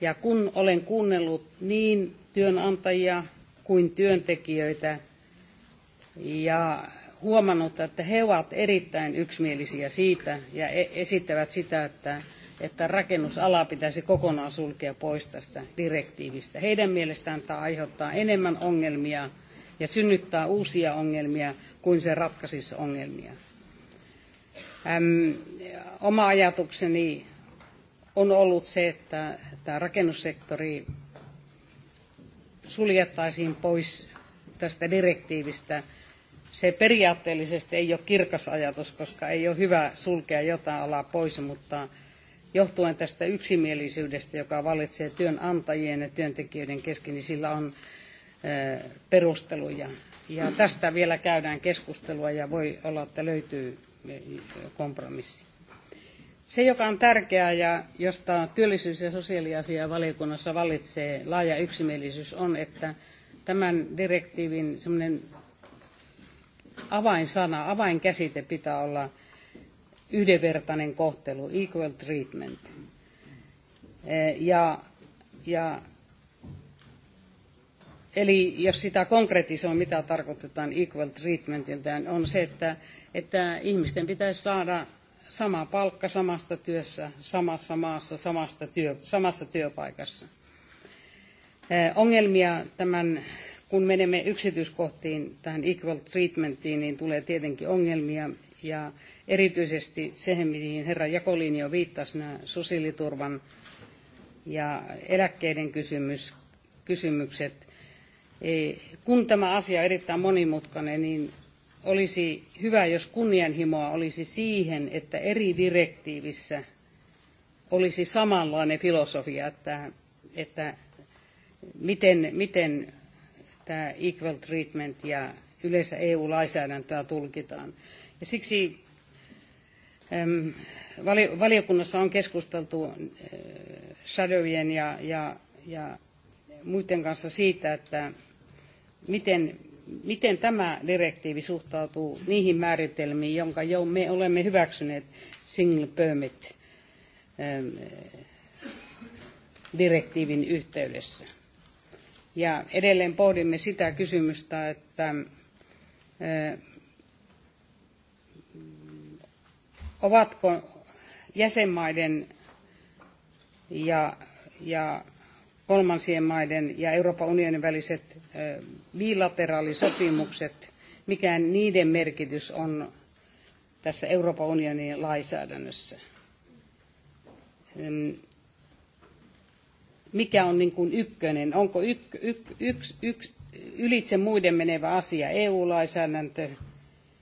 Ja kun olen kuunnellut niin työnantajia kuin työntekijöitä ja huomannut, että he ovat erittäin yksimielisiä siitä ja e- esittävät sitä, että, että rakennusala pitäisi kokonaan sulkea pois tästä direktiivistä. Heidän mielestään tämä aiheuttaa enemmän ongelmia ja synnyttää uusia ongelmia kuin se ratkaisisi ongelmia oma ajatukseni on ollut se, että tämä rakennussektori suljettaisiin pois tästä direktiivistä. Se periaatteellisesti ei ole kirkas ajatus, koska ei ole hyvä sulkea jotain alaa pois, mutta johtuen tästä yksimielisyydestä, joka valitsee työnantajien ja työntekijöiden kesken, niin sillä on perusteluja. Ja tästä vielä käydään keskustelua ja voi olla, että löytyy kompromissi. Se, joka on tärkeää ja josta työllisyys- ja sosiaaliasia valiokunnassa valitsee laaja yksimielisyys, on, että tämän direktiivin semmoinen avainsana, avainkäsite pitää olla yhdenvertainen kohtelu, equal treatment. E, ja, ja, eli jos sitä konkretisoi, mitä tarkoitetaan equal treatmentiltä, on se, että että ihmisten pitäisi saada sama palkka samasta työssä, samassa maassa, samasta työ, samassa työpaikassa. Ongelmia tämän, kun menemme yksityiskohtiin tähän equal treatmentiin, niin tulee tietenkin ongelmia. Ja erityisesti siihen, mihin herra jo viittasi, nämä sosiaaliturvan ja eläkkeiden kysymys, kysymykset. Kun tämä asia on erittäin monimutkainen, niin olisi hyvä, jos kunnianhimoa olisi siihen, että eri direktiivissä olisi samanlainen filosofia, että, että miten, miten tämä equal treatment ja yleensä EU-lainsäädäntöä tulkitaan. Ja siksi äm, valiokunnassa on keskusteltu äh, shadowien ja, ja, ja muiden kanssa siitä, että miten miten tämä direktiivi suhtautuu niihin määritelmiin, jonka jo me olemme hyväksyneet single permit ähm, direktiivin yhteydessä. Ja edelleen pohdimme sitä kysymystä, että äh, ovatko jäsenmaiden ja, ja kolmansien maiden ja Euroopan unionin väliset bilateraalisopimukset, mikä niiden merkitys on tässä Euroopan unionin lainsäädännössä. Mikä on niin kuin ykkönen? Onko yk, yk, yks, yks, ylitse muiden menevä asia EU-lainsäädäntö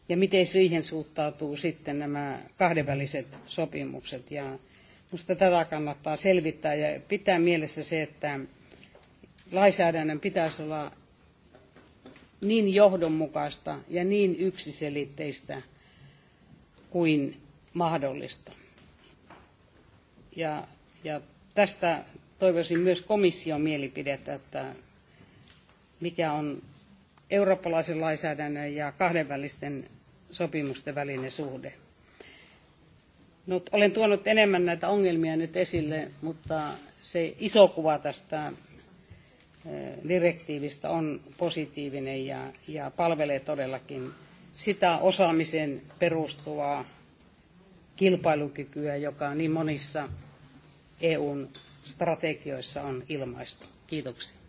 ja miten siihen suhtautuu sitten nämä kahdenväliset sopimukset ja Minusta tätä kannattaa selvittää ja pitää mielessä se, että lainsäädännön pitäisi olla niin johdonmukaista ja niin yksiselitteistä kuin mahdollista. Ja, ja tästä toivoisin myös komission mielipidettä, että mikä on eurooppalaisen lainsäädännön ja kahdenvälisten sopimusten välinen suhde olen tuonut enemmän näitä ongelmia nyt esille, mutta se iso kuva tästä direktiivistä on positiivinen ja, ja palvelee todellakin sitä osaamisen perustuvaa kilpailukykyä, joka niin monissa EUn strategioissa on ilmaistu. Kiitoksia.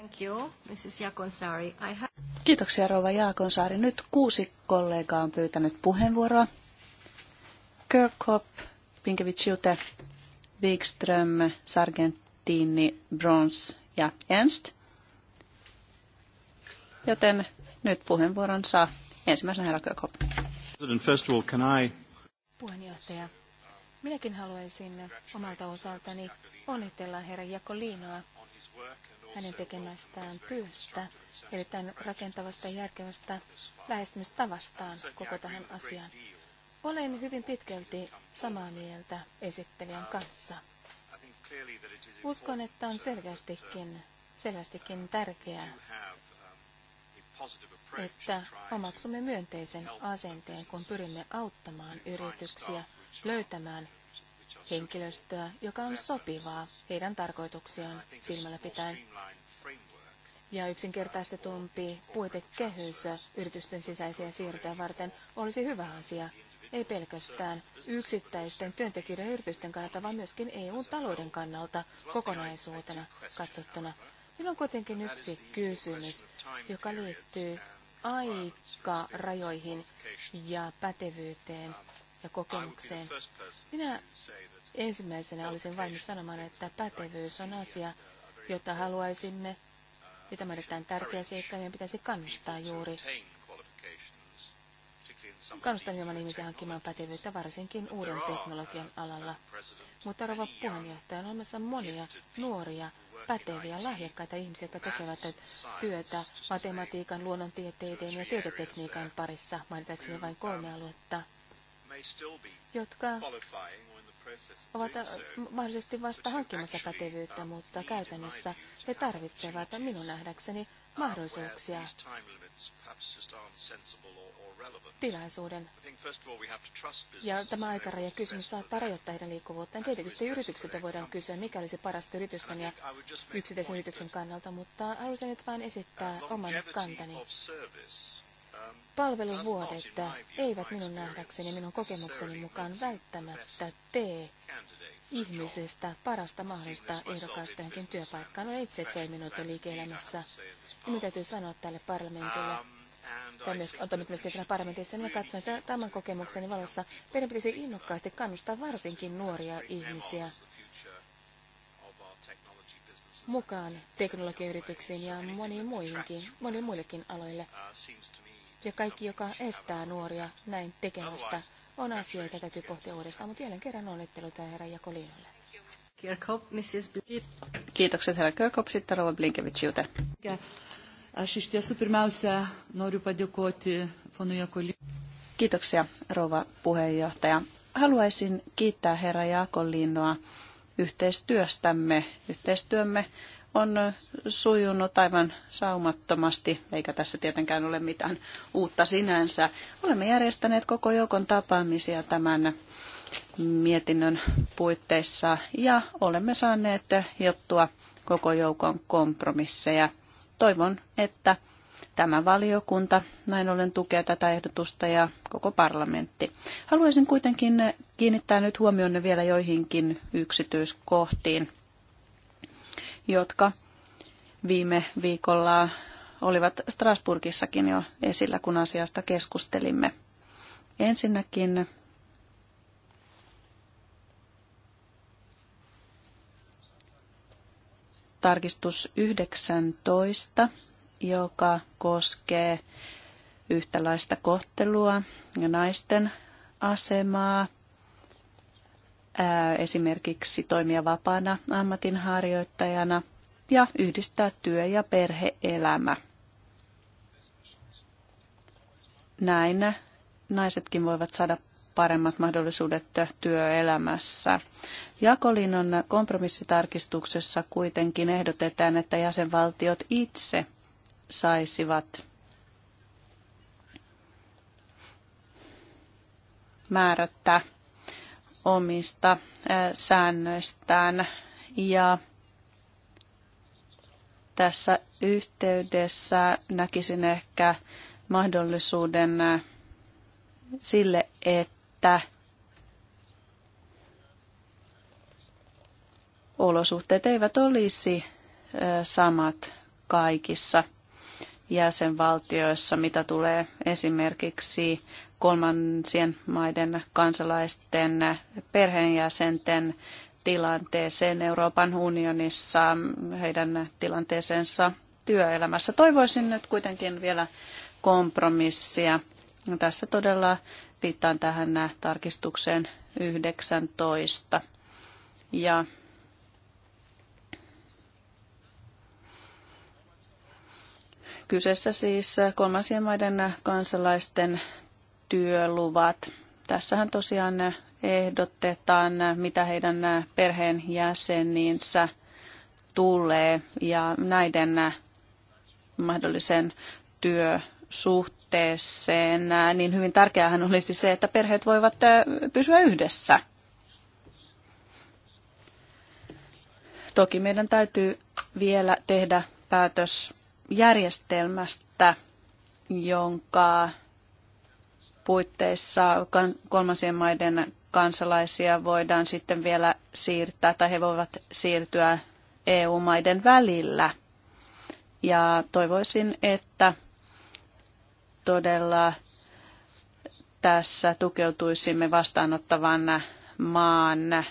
Thank you, Mrs. Jakonsaari. I have... Kiitoksia Rova Jaakonsaari. Nyt kuusi kollegaa on pyytänyt puheenvuoroa. Kirkhope, Pinkevichiute, Wikström, Sargentini, Brons ja Ernst. Joten nyt puheenvuoron saa ensimmäisenä herra Kirkhope. First of all, can I... Puheenjohtaja, minäkin haluaisin omalta osaltani onnitella herra Jakoliinoa hänen tekemästään työstä, tämän rakentavasta ja järkevästä lähestymistavastaan koko tähän asiaan. Olen hyvin pitkälti samaa mieltä esittelijän kanssa. Uskon, että on selvästikin, selvästikin tärkeää, että omaksumme myönteisen asenteen, kun pyrimme auttamaan yrityksiä löytämään henkilöstöä, joka on sopivaa heidän tarkoituksiaan silmällä pitäen. Ja yksinkertaistetumpi puitekehys yritysten sisäisiä siirtoja varten olisi hyvä asia, ei pelkästään yksittäisten työntekijöiden ja yritysten kannalta, vaan myöskin EU-talouden kannalta kokonaisuutena katsottuna. Minulla on kuitenkin yksi kysymys, joka liittyy aikarajoihin ja pätevyyteen ja kokemukseen. Minä Ensimmäisenä olisin valmis sanomaan, että pätevyys on asia, jota haluaisimme, ja tämä on erittäin tärkeä seikka, meidän pitäisi kannustaa juuri kannustan hieman ihmisiä hankkimaan pätevyyttä varsinkin uuden teknologian alalla. Mutta rouva puheenjohtaja on olemassa monia nuoria, päteviä, lahjakkaita ihmisiä, jotka tekevät työtä matematiikan, luonnontieteiden ja tietotekniikan parissa, mainitakseni vain kolme aluetta, jotka ovat äh, mahdollisesti vasta hankkimassa pätevyyttä, mutta käytännössä he tarvitsevat minun nähdäkseni mahdollisuuksia tilaisuuden. Ja tämä aikaraja kysymys saattaa rajoittaa heidän liikkuvuuttaan. Tietenkin yrityksiltä voidaan kysyä, mikä olisi parasta yritysten ja yksityisen yrityksen kannalta, mutta haluaisin nyt vain esittää oman kantani. Palveluvuodet eivät minun nähdäkseni, minun kokemukseni mukaan välttämättä tee ihmisestä parasta mahdollista ehdokasta johonkin työpaikkaan. Olen itse toiminut liike-elämässä. Minun täytyy sanoa tälle parlamentille, tai myös, toiminut myöskin täällä parlamentissa, minä niin katson, että tämän kokemukseni valossa meidän pitäisi innokkaasti kannustaa varsinkin nuoria ihmisiä mukaan teknologiayrityksiin ja moniin muihinkin, moniin muillekin aloille ja kaikki, joka estää nuoria näin tekemästä, on asia, jota täytyy pohtia uudestaan. Mutta jälleen kerran onnitteluita herra Jakolinolle. Kiitokset herra Kirkhoff. sitten rouva Blinkevičiūtė. Aš Kiitoksia rouva puheenjohtaja. Haluaisin kiittää herra Jakolinnoa yhteistyöstämme. Yhteistyömme on sujunut aivan saumattomasti, eikä tässä tietenkään ole mitään uutta sinänsä. Olemme järjestäneet koko joukon tapaamisia tämän mietinnön puitteissa ja olemme saaneet jottua koko joukon kompromisseja. Toivon, että tämä valiokunta näin ollen tukee tätä ehdotusta ja koko parlamentti. Haluaisin kuitenkin kiinnittää nyt huomionne vielä joihinkin yksityiskohtiin jotka viime viikolla olivat Strasburgissakin jo esillä, kun asiasta keskustelimme. Ensinnäkin tarkistus 19, joka koskee yhtäläistä kohtelua ja naisten asemaa – esimerkiksi toimia vapaana ammatinharjoittajana ja yhdistää työ- ja perheelämä. Näin naisetkin voivat saada paremmat mahdollisuudet työelämässä. Jakolinnon kompromissitarkistuksessa kuitenkin ehdotetaan, että jäsenvaltiot itse saisivat määrättää omista säännöistään. Ja tässä yhteydessä näkisin ehkä mahdollisuuden sille, että olosuhteet eivät olisi samat kaikissa jäsenvaltioissa, mitä tulee esimerkiksi kolmansien maiden kansalaisten perheenjäsenten tilanteeseen Euroopan unionissa, heidän tilanteensa työelämässä. Toivoisin nyt kuitenkin vielä kompromissia. Tässä todella viittaan tähän tarkistukseen 19. Ja Kyseessä siis kolmansien maiden kansalaisten työluvat. Tässähän tosiaan ehdotetaan, mitä heidän perheenjäseninsä tulee ja näiden mahdollisen työsuhteeseen, niin hyvin tärkeähän olisi se, että perheet voivat pysyä yhdessä. Toki meidän täytyy vielä tehdä päätös järjestelmästä, jonka puitteissa kolmansien maiden kansalaisia voidaan sitten vielä siirtää tai he voivat siirtyä EU-maiden välillä. Ja toivoisin, että todella tässä tukeutuisimme vastaanottavan maan äh,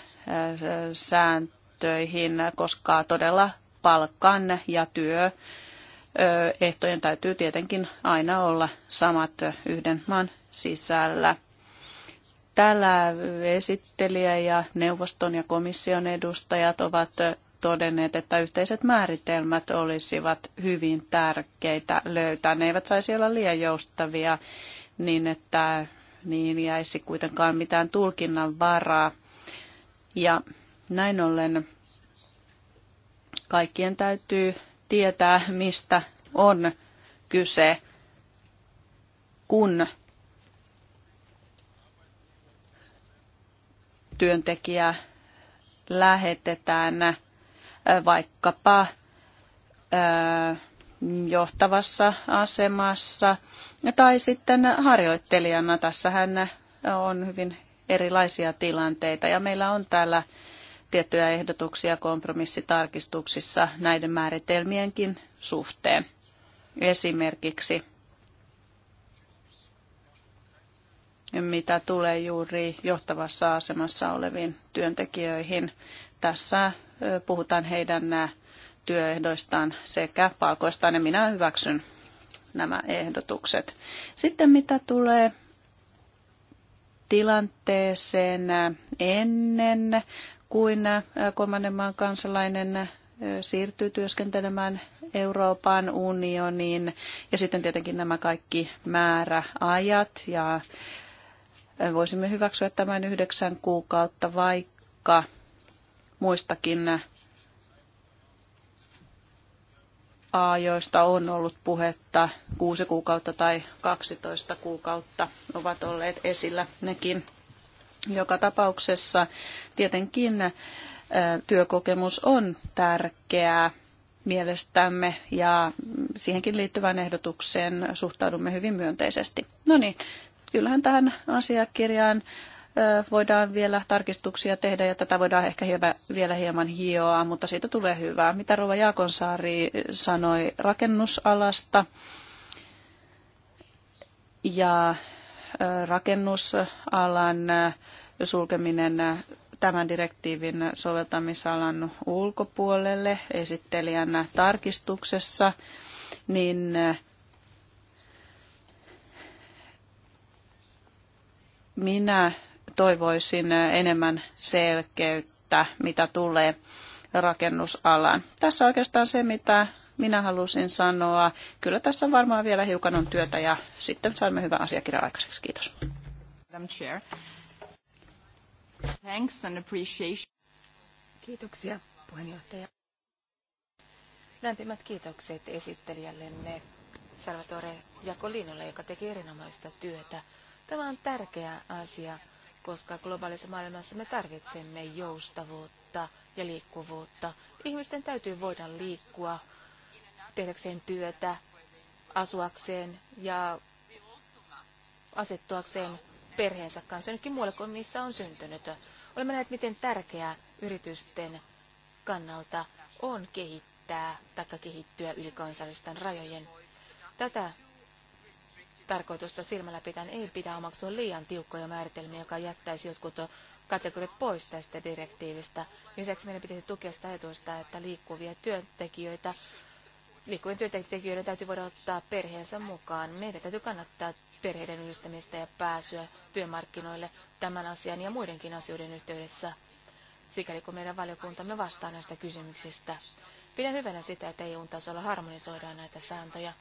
sääntöihin, koska todella palkan ja työ ehtojen täytyy tietenkin aina olla samat yhden maan sisällä. Täällä esittelijä ja neuvoston ja komission edustajat ovat todenneet, että yhteiset määritelmät olisivat hyvin tärkeitä löytää. Ne eivät saisi olla liian joustavia niin, että niin jäisi kuitenkaan mitään tulkinnan varaa. Ja näin ollen kaikkien täytyy tietää, mistä on kyse, kun työntekijä lähetetään vaikkapa johtavassa asemassa tai sitten harjoittelijana. Tässähän on hyvin erilaisia tilanteita ja meillä on täällä tiettyjä ehdotuksia kompromissitarkistuksissa näiden määritelmienkin suhteen. Esimerkiksi mitä tulee juuri johtavassa asemassa oleviin työntekijöihin. Tässä puhutaan heidän työehdoistaan sekä palkoistaan ja minä hyväksyn nämä ehdotukset. Sitten mitä tulee tilanteeseen ennen kuin äh, kolmannen maan kansalainen äh, siirtyy työskentelemään Euroopan unioniin. Ja sitten tietenkin nämä kaikki määräajat ja äh, voisimme hyväksyä tämän yhdeksän kuukautta, vaikka muistakin ajoista on ollut puhetta. Kuusi kuukautta tai 12 kuukautta ovat olleet esillä nekin joka tapauksessa tietenkin työkokemus on tärkeää mielestämme ja siihenkin liittyvään ehdotukseen suhtaudumme hyvin myönteisesti. No niin, kyllähän tähän asiakirjaan voidaan vielä tarkistuksia tehdä ja tätä voidaan ehkä vielä hieman hioa, mutta siitä tulee hyvää. Mitä Rova Jaakonsaari sanoi rakennusalasta ja rakennusalan sulkeminen tämän direktiivin soveltamisalan ulkopuolelle esittelijän tarkistuksessa, niin minä toivoisin enemmän selkeyttä, mitä tulee rakennusalaan. Tässä oikeastaan se, mitä minä halusin sanoa. Kyllä tässä varmaan vielä hiukan on työtä ja sitten saamme hyvän asiakirjan aikaiseksi. Kiitos. Madam Chair. Thanks and appreciation. Kiitoksia puheenjohtaja. Lämpimät kiitokset esittelijällemme Salvatore Jakolinolle, joka teki erinomaista työtä. Tämä on tärkeä asia, koska globaalissa maailmassa me tarvitsemme joustavuutta ja liikkuvuutta. Ihmisten täytyy voida liikkua tehdäkseen työtä, asuakseen ja asettuakseen perheensä kanssa jonnekin muualle kuin missä on syntynyt. Olemme näet, miten tärkeää yritysten kannalta on kehittää tai kehittyä ylikansallisten rajojen. Tätä tarkoitusta silmällä pitäen ei pidä omaksua liian tiukkoja määritelmiä, joka jättäisi jotkut kategoriat pois tästä direktiivistä. Lisäksi meidän pitäisi tukea sitä ajatusta, että liikkuvia työntekijöitä liikkuvien työntekijöiden täytyy voida ottaa perheensä mukaan. Meidän täytyy kannattaa perheiden yhdistämistä ja pääsyä työmarkkinoille tämän asian ja muidenkin asioiden yhteydessä, sikäli kun meidän valiokuntamme vastaa näistä kysymyksistä. Pidän hyvänä sitä, että EU-tasolla harmonisoidaan näitä sääntöjä.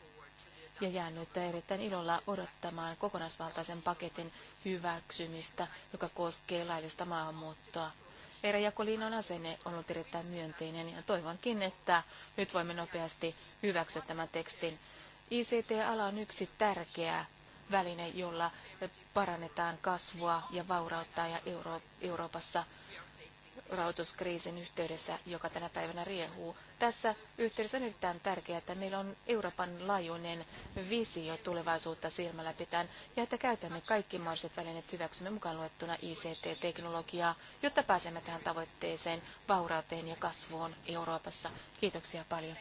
Ja jään nyt erittäin ilolla odottamaan kokonaisvaltaisen paketin hyväksymistä, joka koskee laillista maahanmuuttoa. Eräjakoliinon asenne on ollut erittäin myönteinen ja toivonkin, että nyt voimme nopeasti hyväksyä tämän tekstin. ICT-ala on yksi tärkeä väline, jolla parannetaan kasvua ja vaurautta ja Euro- Euroopassa – rahoituskriisin yhteydessä, joka tänä päivänä riehuu. Tässä yhteydessä on erittäin tärkeää, että meillä on Euroopan laajuinen visio tulevaisuutta silmällä pitäen ja että käytämme kaikki mahdolliset välineet hyväksymme mukaan luettuna ICT-teknologiaa, jotta pääsemme tähän tavoitteeseen, vaurauteen ja kasvuun Euroopassa. Kiitoksia paljon.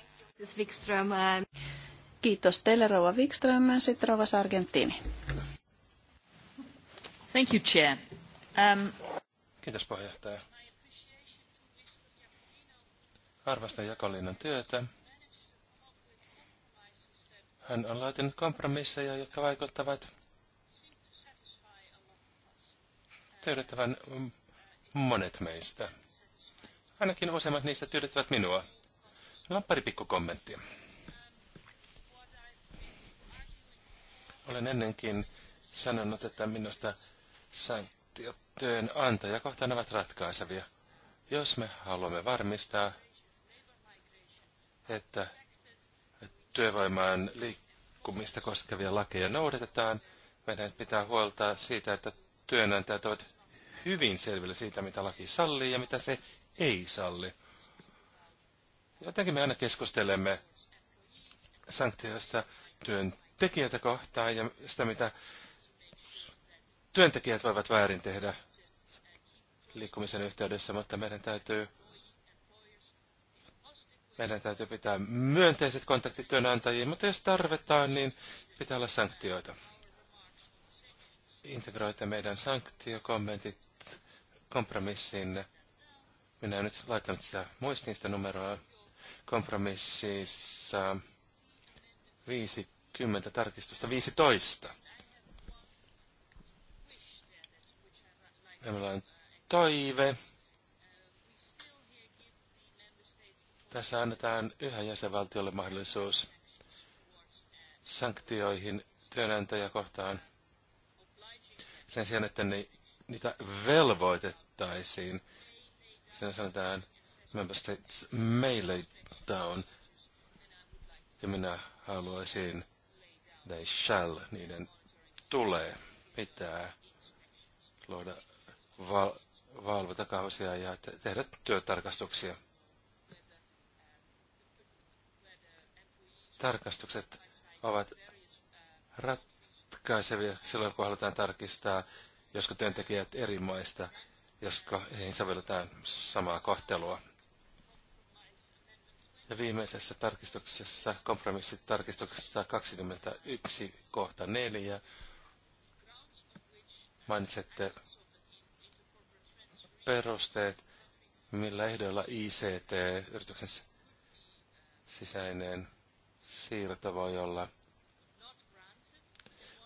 Kiitos teille, Rova Wikström sitten Rova Sargentini. Thank you, Chair. Um... Kiitos puheenjohtaja. Arvostan Jakolinnan työtä. Hän on laitanut kompromisseja, jotka vaikuttavat tyydyttävän monet meistä. Ainakin useimmat niistä tyydyttävät minua. Meillä on pari pikku kommenttia. Olen ennenkin sanonut, että minusta sanktiotyön antaja kohtaan ovat ratkaisevia. Jos me haluamme varmistaa, että työvoimaan liikkumista koskevia lakeja noudatetaan. Meidän pitää huolta siitä, että työnantajat ovat hyvin selvillä siitä, mitä laki sallii ja mitä se ei salli. Jotenkin me aina keskustelemme sanktioista työntekijöitä kohtaan ja sitä, mitä työntekijät voivat väärin tehdä liikkumisen yhteydessä, mutta meidän täytyy meidän täytyy pitää myönteiset kontaktit työnantajiin, mutta jos tarvitaan, niin pitää olla sanktioita. Integroita meidän sanktiokommentit kompromissiin. Minä en nyt laittanut sitä muistiin sitä numeroa. Kompromississa 50 tarkistusta 15. Ja meillä on toive, Tässä annetaan yhä jäsenvaltiolle mahdollisuus sanktioihin työnantajakohtaan. sen sijaan, että ni, niitä velvoitettaisiin. Sen sanotaan Member States meille down. Ja minä haluaisin, they shall, niiden tulee, pitää luoda val, valvotakausia ja te, tehdä työtarkastuksia. tarkastukset ovat ratkaisevia silloin, kun halutaan tarkistaa, josko työntekijät eri maista, josko heihin sovelletaan samaa kohtelua. Ja viimeisessä tarkistuksessa, kompromissitarkistuksessa 21 kohta 4, mainitsette perusteet, millä ehdoilla ICT, yrityksen sisäinen siirto voi olla,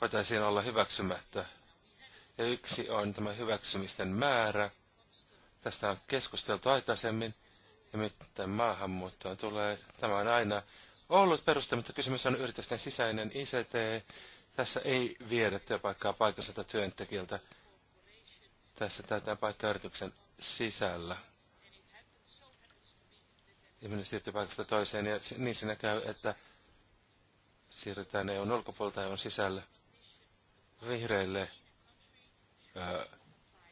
voitaisiin olla hyväksymättä. Ja yksi on tämä hyväksymisten määrä. Tästä on keskusteltu aikaisemmin. Ja miten maahanmuuttoon tulee, tämä on aina ollut peruste, mutta kysymys on yritysten sisäinen ICT. Tässä ei viedä työpaikkaa paikalliselta työntekijältä. Tässä täytetään paikka yrityksen sisällä. Ihminen siirtyy paikasta toiseen ja niin siinä käy, että siirretään EUn ulkopuolelta EUn sisälle vihreille. Ää,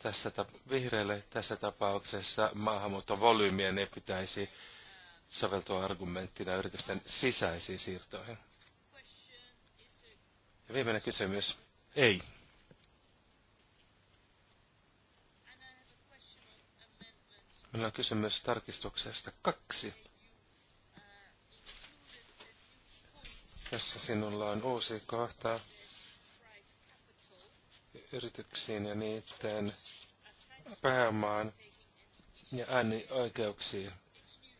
tässä ta- vihreille tässä tapauksessa maahanmuuttovolyymien ei pitäisi soveltua argumenttina yritysten sisäisiin siirtoihin. Ja viimeinen kysymys. Ei. Meillä on kysymys tarkistuksesta kaksi. jossa sinulla on uusi kohta yrityksiin ja niiden pääomaan ja äänioikeuksiin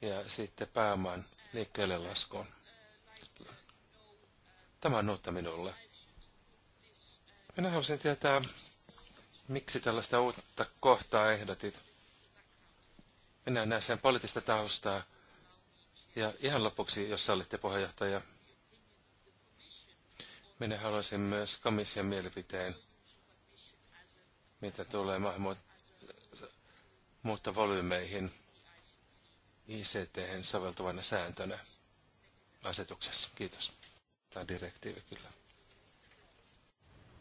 ja sitten pääomaan liikkeelle laskuun. Tämä on uutta minulle. Minä haluaisin tietää, miksi tällaista uutta kohtaa ehdotit. Minä näen sen poliittista taustaa. Ja ihan lopuksi, jos sallitte puheenjohtaja, minä haluaisin myös komission mielipiteen, mitä tulee muutta volyymeihin ict soveltuvana sääntönä asetuksessa. Kiitos. Tämä direktiivi kyllä.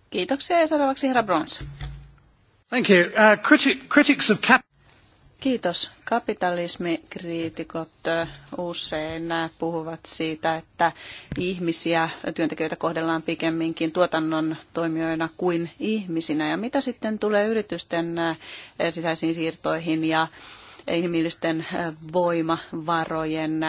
Kiitoksia ja seuraavaksi herra Brons. Thank you. Uh, criti- critics of cap- Kiitos. Kapitalismikriitikot usein puhuvat siitä, että ihmisiä, työntekijöitä kohdellaan pikemminkin tuotannon toimijoina kuin ihmisinä. Ja mitä sitten tulee yritysten sisäisiin siirtoihin ja inhimillisten voimavarojen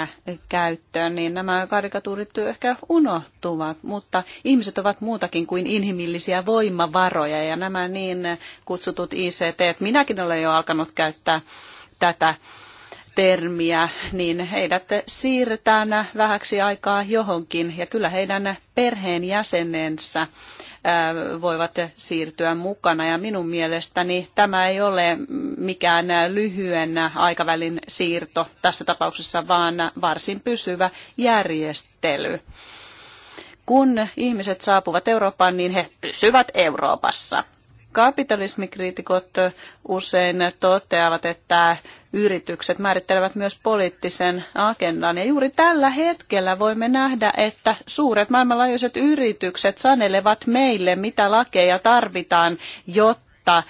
käyttöön, niin nämä karikatuurit ehkä unohtuvat, mutta ihmiset ovat muutakin kuin inhimillisiä voimavaroja ja nämä niin kutsutut ICT, että minäkin olen jo alkanut käyttää tätä termiä, niin heidät siirretään vähäksi aikaa johonkin ja kyllä heidän perheenjäsenensä voivat siirtyä mukana. Ja minun mielestäni tämä ei ole mikään lyhyen aikavälin siirto tässä tapauksessa, vaan varsin pysyvä järjestely. Kun ihmiset saapuvat Eurooppaan, niin he pysyvät Euroopassa. Kapitalismikriitikot usein toteavat, että yritykset määrittelevät myös poliittisen agendan. Ja juuri tällä hetkellä voimme nähdä, että suuret maailmanlaajuiset yritykset sanelevat meille, mitä lakeja tarvitaan, jotta jotta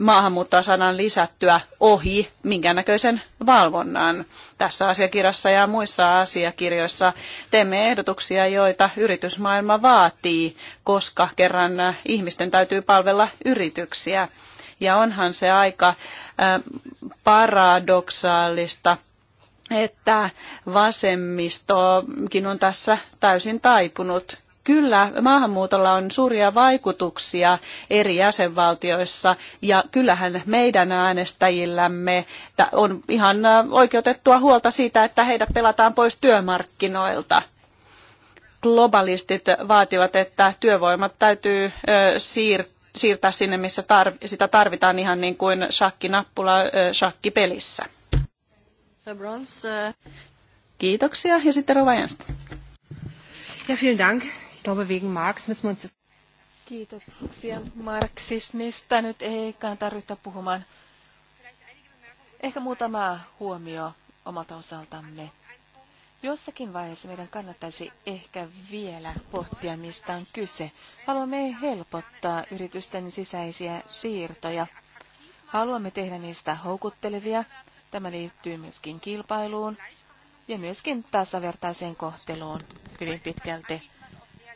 maahanmuuttoa saadaan lisättyä ohi minkäännäköisen valvonnan. Tässä asiakirjassa ja muissa asiakirjoissa teemme ehdotuksia, joita yritysmaailma vaatii, koska kerran ihmisten täytyy palvella yrityksiä. Ja onhan se aika paradoksaalista, että vasemmistokin on tässä täysin taipunut Kyllä, maahanmuutolla on suuria vaikutuksia eri jäsenvaltioissa ja kyllähän meidän äänestäjillämme on ihan oikeutettua huolta siitä, että heidät pelataan pois työmarkkinoilta globalistit vaativat, että työvoimat täytyy siirtää sinne, missä sitä tarvitaan ihan niin kuin shakkinappula shakkipelissä. Kiitoksia ja sitten Rova Ja vielen dank glaube, wegen Marx müssen wir uns... Kiitoksia Marxismista. Nyt ei kannata ryhtyä puhumaan. Ehkä muutama huomio omalta osaltamme. Jossakin vaiheessa meidän kannattaisi ehkä vielä pohtia, mistä on kyse. Haluamme helpottaa yritysten sisäisiä siirtoja. Haluamme tehdä niistä houkuttelevia. Tämä liittyy myöskin kilpailuun ja myöskin tasavertaiseen kohteluun hyvin pitkälti.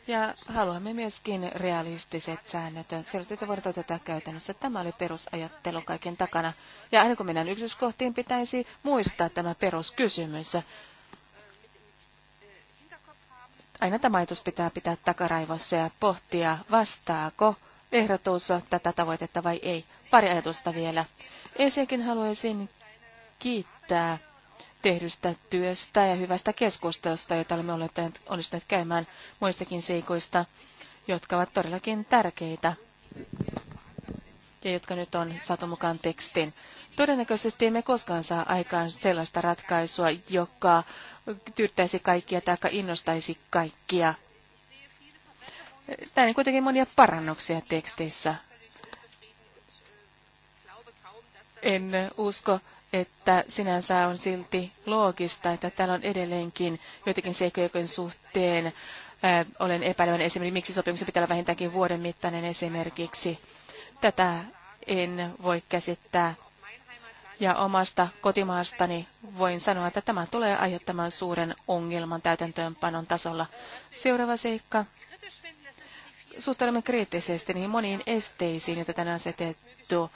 Ja haluamme myöskin realistiset säännöt. Sieltä te voidaan toteuttaa käytännössä. Tämä oli perusajattelu kaiken takana. Ja aina kun mennään yksityiskohtiin, pitäisi muistaa tämä peruskysymys. Aina tämä ajatus pitää pitää takaraivossa ja pohtia, vastaako ehdotus tätä tavoitetta vai ei. Pari ajatusta vielä. Ensinnäkin haluaisin kiittää tehdystä työstä ja hyvästä keskustelusta, jota olemme onnistuneet käymään muistakin seikoista, jotka ovat todellakin tärkeitä ja jotka nyt on saatu mukaan tekstin. Todennäköisesti emme koskaan saa aikaan sellaista ratkaisua, joka tyyttäisi kaikkia tai innostaisi kaikkia. Tämä on kuitenkin monia parannuksia teksteissä. En usko, että sinänsä on silti loogista, että täällä on edelleenkin joitakin seikkojen suhteen ää, olen epäilevän esimerkiksi, miksi sopimuksen pitää olla vähintäänkin vuoden mittainen esimerkiksi. Tätä en voi käsittää. Ja omasta kotimaastani voin sanoa, että tämä tulee aiheuttamaan suuren ongelman täytäntöönpanon tasolla. Seuraava seikka. Suhtaudumme kriittisesti niihin moniin esteisiin, joita tänään asetettu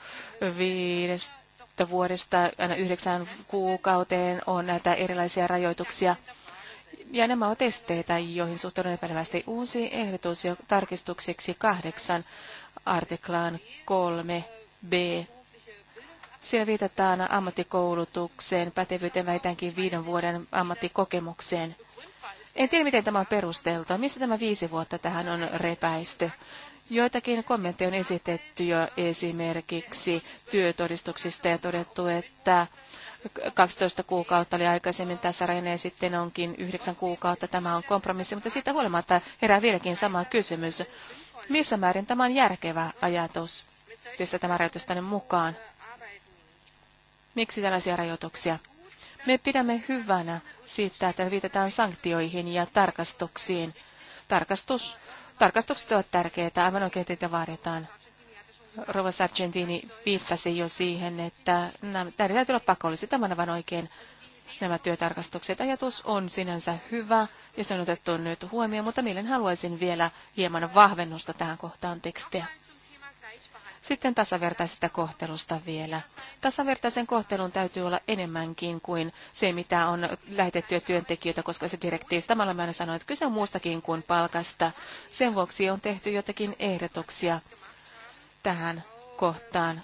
viidestä että vuodesta aina yhdeksän kuukauteen on näitä erilaisia rajoituksia. Ja nämä ovat esteitä, joihin suhtaudun epäilevästi uusi ehdotus jo tarkistukseksi kahdeksan artiklaan 3b. Siellä viitataan ammattikoulutukseen, pätevyyteen vähintäänkin viiden vuoden ammattikokemukseen. En tiedä, miten tämä on perusteltu. Mistä tämä viisi vuotta tähän on repäisty? Joitakin kommentteja on esitetty jo esimerkiksi työtodistuksista ja todettu, että 12 kuukautta oli aikaisemmin tässä rajana ja sitten onkin 9 kuukautta. Tämä on kompromissi, mutta siitä huolimatta herää vieläkin sama kysymys. Missä määrin tämä on järkevä ajatus? Pistä tämä rajoitus tänne mukaan. Miksi tällaisia rajoituksia? Me pidämme hyvänä siitä, että viitataan sanktioihin ja tarkastuksiin. Tarkastus Tarkastukset ovat tärkeitä, aivan oikein teitä vaaditaan. Rova Sargentini viittasi jo siihen, että nämä täytyy olla pakollisia. Tämä on aivan oikein nämä työtarkastukset. Ajatus on sinänsä hyvä ja se on otettu nyt huomioon, mutta mielen haluaisin vielä hieman vahvennusta tähän kohtaan tekstiä. Sitten tasavertaisesta kohtelusta vielä. Tasavertaisen kohtelun täytyy olla enemmänkin kuin se, mitä on lähetettyä työntekijöitä, koska se direktiivi samalla mä sanoin, että kyse on muustakin kuin palkasta. Sen vuoksi on tehty jotakin ehdotuksia tähän kohtaan.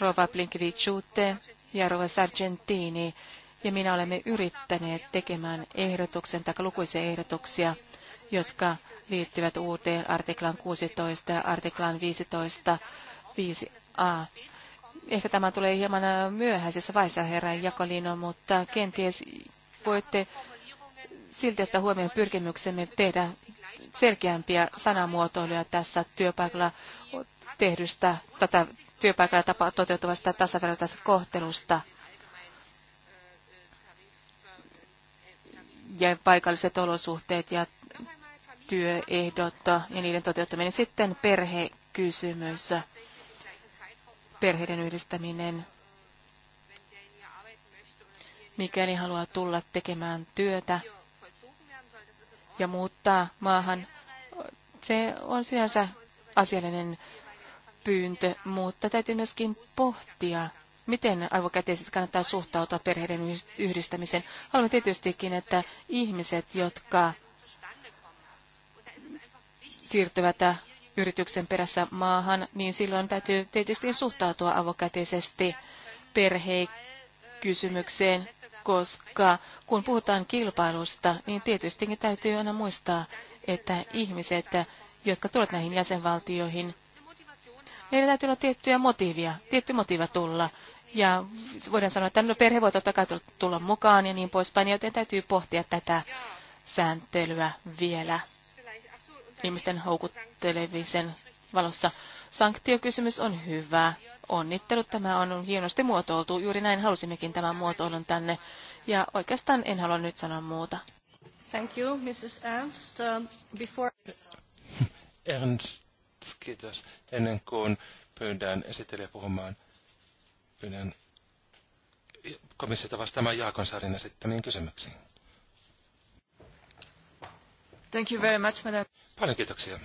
Rova Blinkvichute ja Rova Sargentini ja minä olemme yrittäneet tekemään ehdotuksen tai lukuisia ehdotuksia, jotka liittyvät uuteen artiklan 16 ja artiklan 15 5a. Ehkä tämä tulee hieman myöhäisessä vaiheessa, herra Jakolino, mutta kenties voitte silti ottaa huomioon pyrkimyksemme tehdä selkeämpiä sanamuotoiluja tässä työpaikalla tehdystä, tätä työpaikalla tapa, toteutuvasta tasavertaisesta kohtelusta. Ja paikalliset olosuhteet ja työehdot ja niiden toteuttaminen. Sitten perhekysymys, perheiden yhdistäminen. Mikäli haluaa tulla tekemään työtä ja muuttaa maahan, se on sinänsä asiallinen pyyntö, mutta täytyy myöskin pohtia, miten aivokäteiset kannattaa suhtautua perheiden yhdistämiseen. Haluamme tietystikin, että ihmiset, jotka siirtyvät yrityksen perässä maahan, niin silloin täytyy tietysti suhtautua avokätisesti perhekysymykseen, koska kun puhutaan kilpailusta, niin tietystikin täytyy aina muistaa, että ihmiset, jotka tulevat näihin jäsenvaltioihin, heillä täytyy olla tiettyjä motiivia, tietty motiiva tulla. Ja voidaan sanoa, että no perhe voi totta kai tulla mukaan ja niin poispäin, joten täytyy pohtia tätä sääntelyä vielä ihmisten houkuttelevisen valossa. Sanktiokysymys on hyvä. Onnittelut, tämä on hienosti muotoiltu. Juuri näin halusimmekin tämän muotoilun tänne. Ja oikeastaan en halua nyt sanoa muuta. Thank you, Mrs. Ernst. Uh, before... Ernst, kiitos. Ennen kuin pyydän esittelijä puhumaan, pyydän komissiota vastaamaan Jaakon Sarin esittämiin kysymyksiin. Thank you very much, madam. Paljon kiitoksia.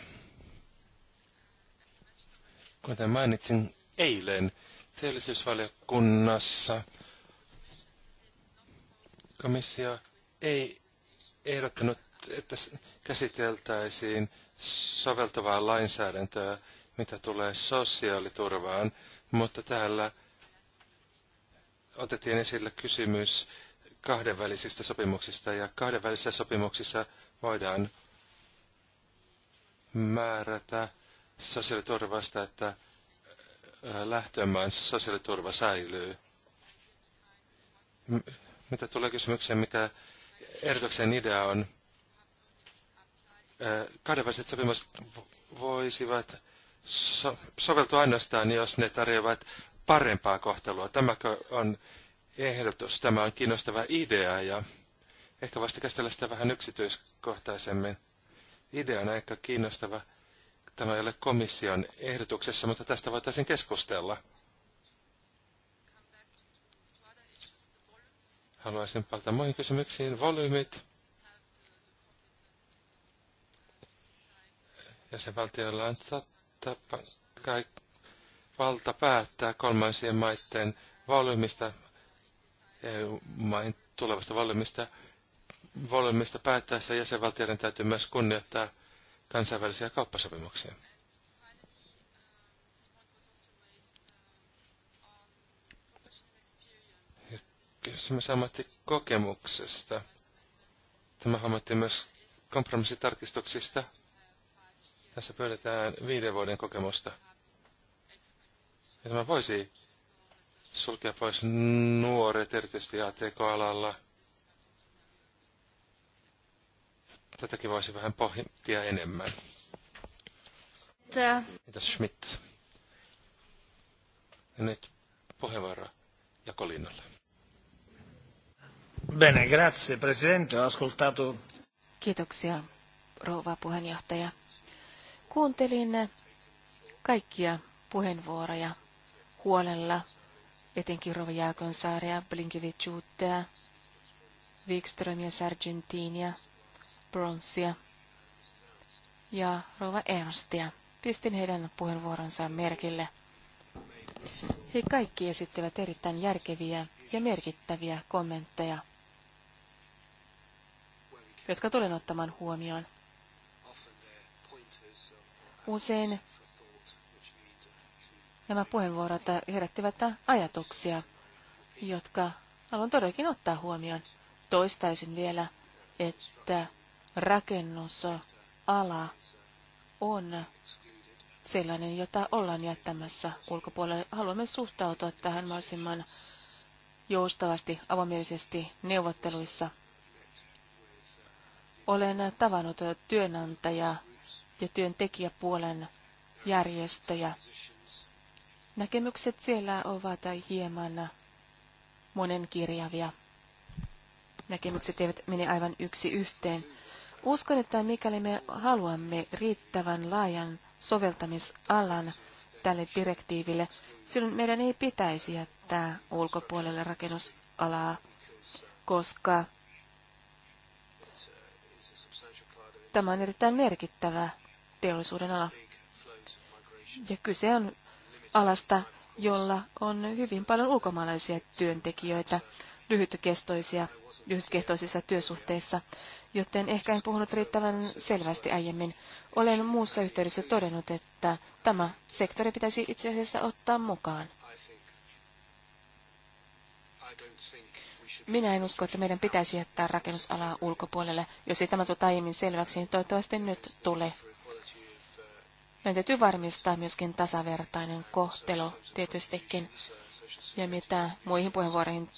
Kuten mainitsin eilen teollisuusvaliokunnassa, komissio ei ehdottanut, että käsiteltäisiin soveltavaa lainsäädäntöä, mitä tulee sosiaaliturvaan, mutta täällä otettiin esille kysymys kahdenvälisistä sopimuksista, ja kahdenvälisissä sopimuksissa voidaan määrätä sosiaaliturvasta, että lähtömaan sosiaaliturva säilyy. Mitä tulee kysymykseen, mikä ehdotuksen idea on, kahdenväliset sopimukset voisivat so- soveltua ainoastaan, jos ne tarjoavat parempaa kohtelua. Tämä on ehdotus, tämä on kiinnostava idea ja ehkä vasta käsitellä sitä vähän yksityiskohtaisemmin idea on aika kiinnostava. Tämä ei ole komission ehdotuksessa, mutta tästä voitaisiin keskustella. Haluaisin palata muihin kysymyksiin. Volyymit. Jäsenvaltioilla on tapa, kai, valta päättää kolmansien maiden volyymista, EU-main tulevasta volyymista – volyymista päättäessä jäsenvaltioiden täytyy myös kunnioittaa kansainvälisiä kauppasopimuksia. Ja kysymys ammattikokemuksesta. Tämä huomattiin myös kompromissitarkistuksista. Tässä pyydetään viiden vuoden kokemusta. Ja tämä voisi sulkea pois nuoret, erityisesti ATK-alalla – tätäkin voisi vähän pohtia enemmän. Tää. Mitäs Schmidt? Nyt puheenvuoro Jakolinnalle. Bene, grazie presidente, ascoltato. Kiitoksia, rouva puheenjohtaja. Kuuntelin kaikkia puheenvuoroja huolella, etenkin rouva Jaakonsaaria, Blinkevichuutta, Wikström ja Sargentinia – Bronsia ja Rova Ernstia. Pistin heidän puheenvuoronsa merkille. He kaikki esittivät erittäin järkeviä ja merkittäviä kommentteja, jotka tulen ottamaan huomioon. Usein nämä puheenvuorot herättivät ajatuksia, jotka haluan todellakin ottaa huomioon. Toistaisin vielä, että rakennusala on sellainen, jota ollaan jättämässä ulkopuolelle. Haluamme suhtautua tähän mahdollisimman joustavasti, avomielisesti neuvotteluissa. Olen tavannut työnantaja- ja työntekijäpuolen järjestöjä. Näkemykset siellä ovat hieman monenkirjavia. Näkemykset eivät mene aivan yksi yhteen. Uskon, että mikäli me haluamme riittävän laajan soveltamisalan tälle direktiiville, silloin meidän ei pitäisi jättää ulkopuolelle rakennusalaa, koska tämä on erittäin merkittävä teollisuuden ala. Ja kyse on alasta, jolla on hyvin paljon ulkomaalaisia työntekijöitä lyhytkestoisia, lyhytkestoisissa työsuhteissa, joten ehkä en puhunut riittävän selvästi aiemmin. Olen muussa yhteydessä todennut, että tämä sektori pitäisi itse asiassa ottaa mukaan. Minä en usko, että meidän pitäisi jättää rakennusalaa ulkopuolelle. Jos ei tämä tule tuota aiemmin selväksi, niin toivottavasti nyt tulee. Meidän täytyy varmistaa myöskin tasavertainen kohtelu tietystikin. Ja mitä muihin puheenvuoroihin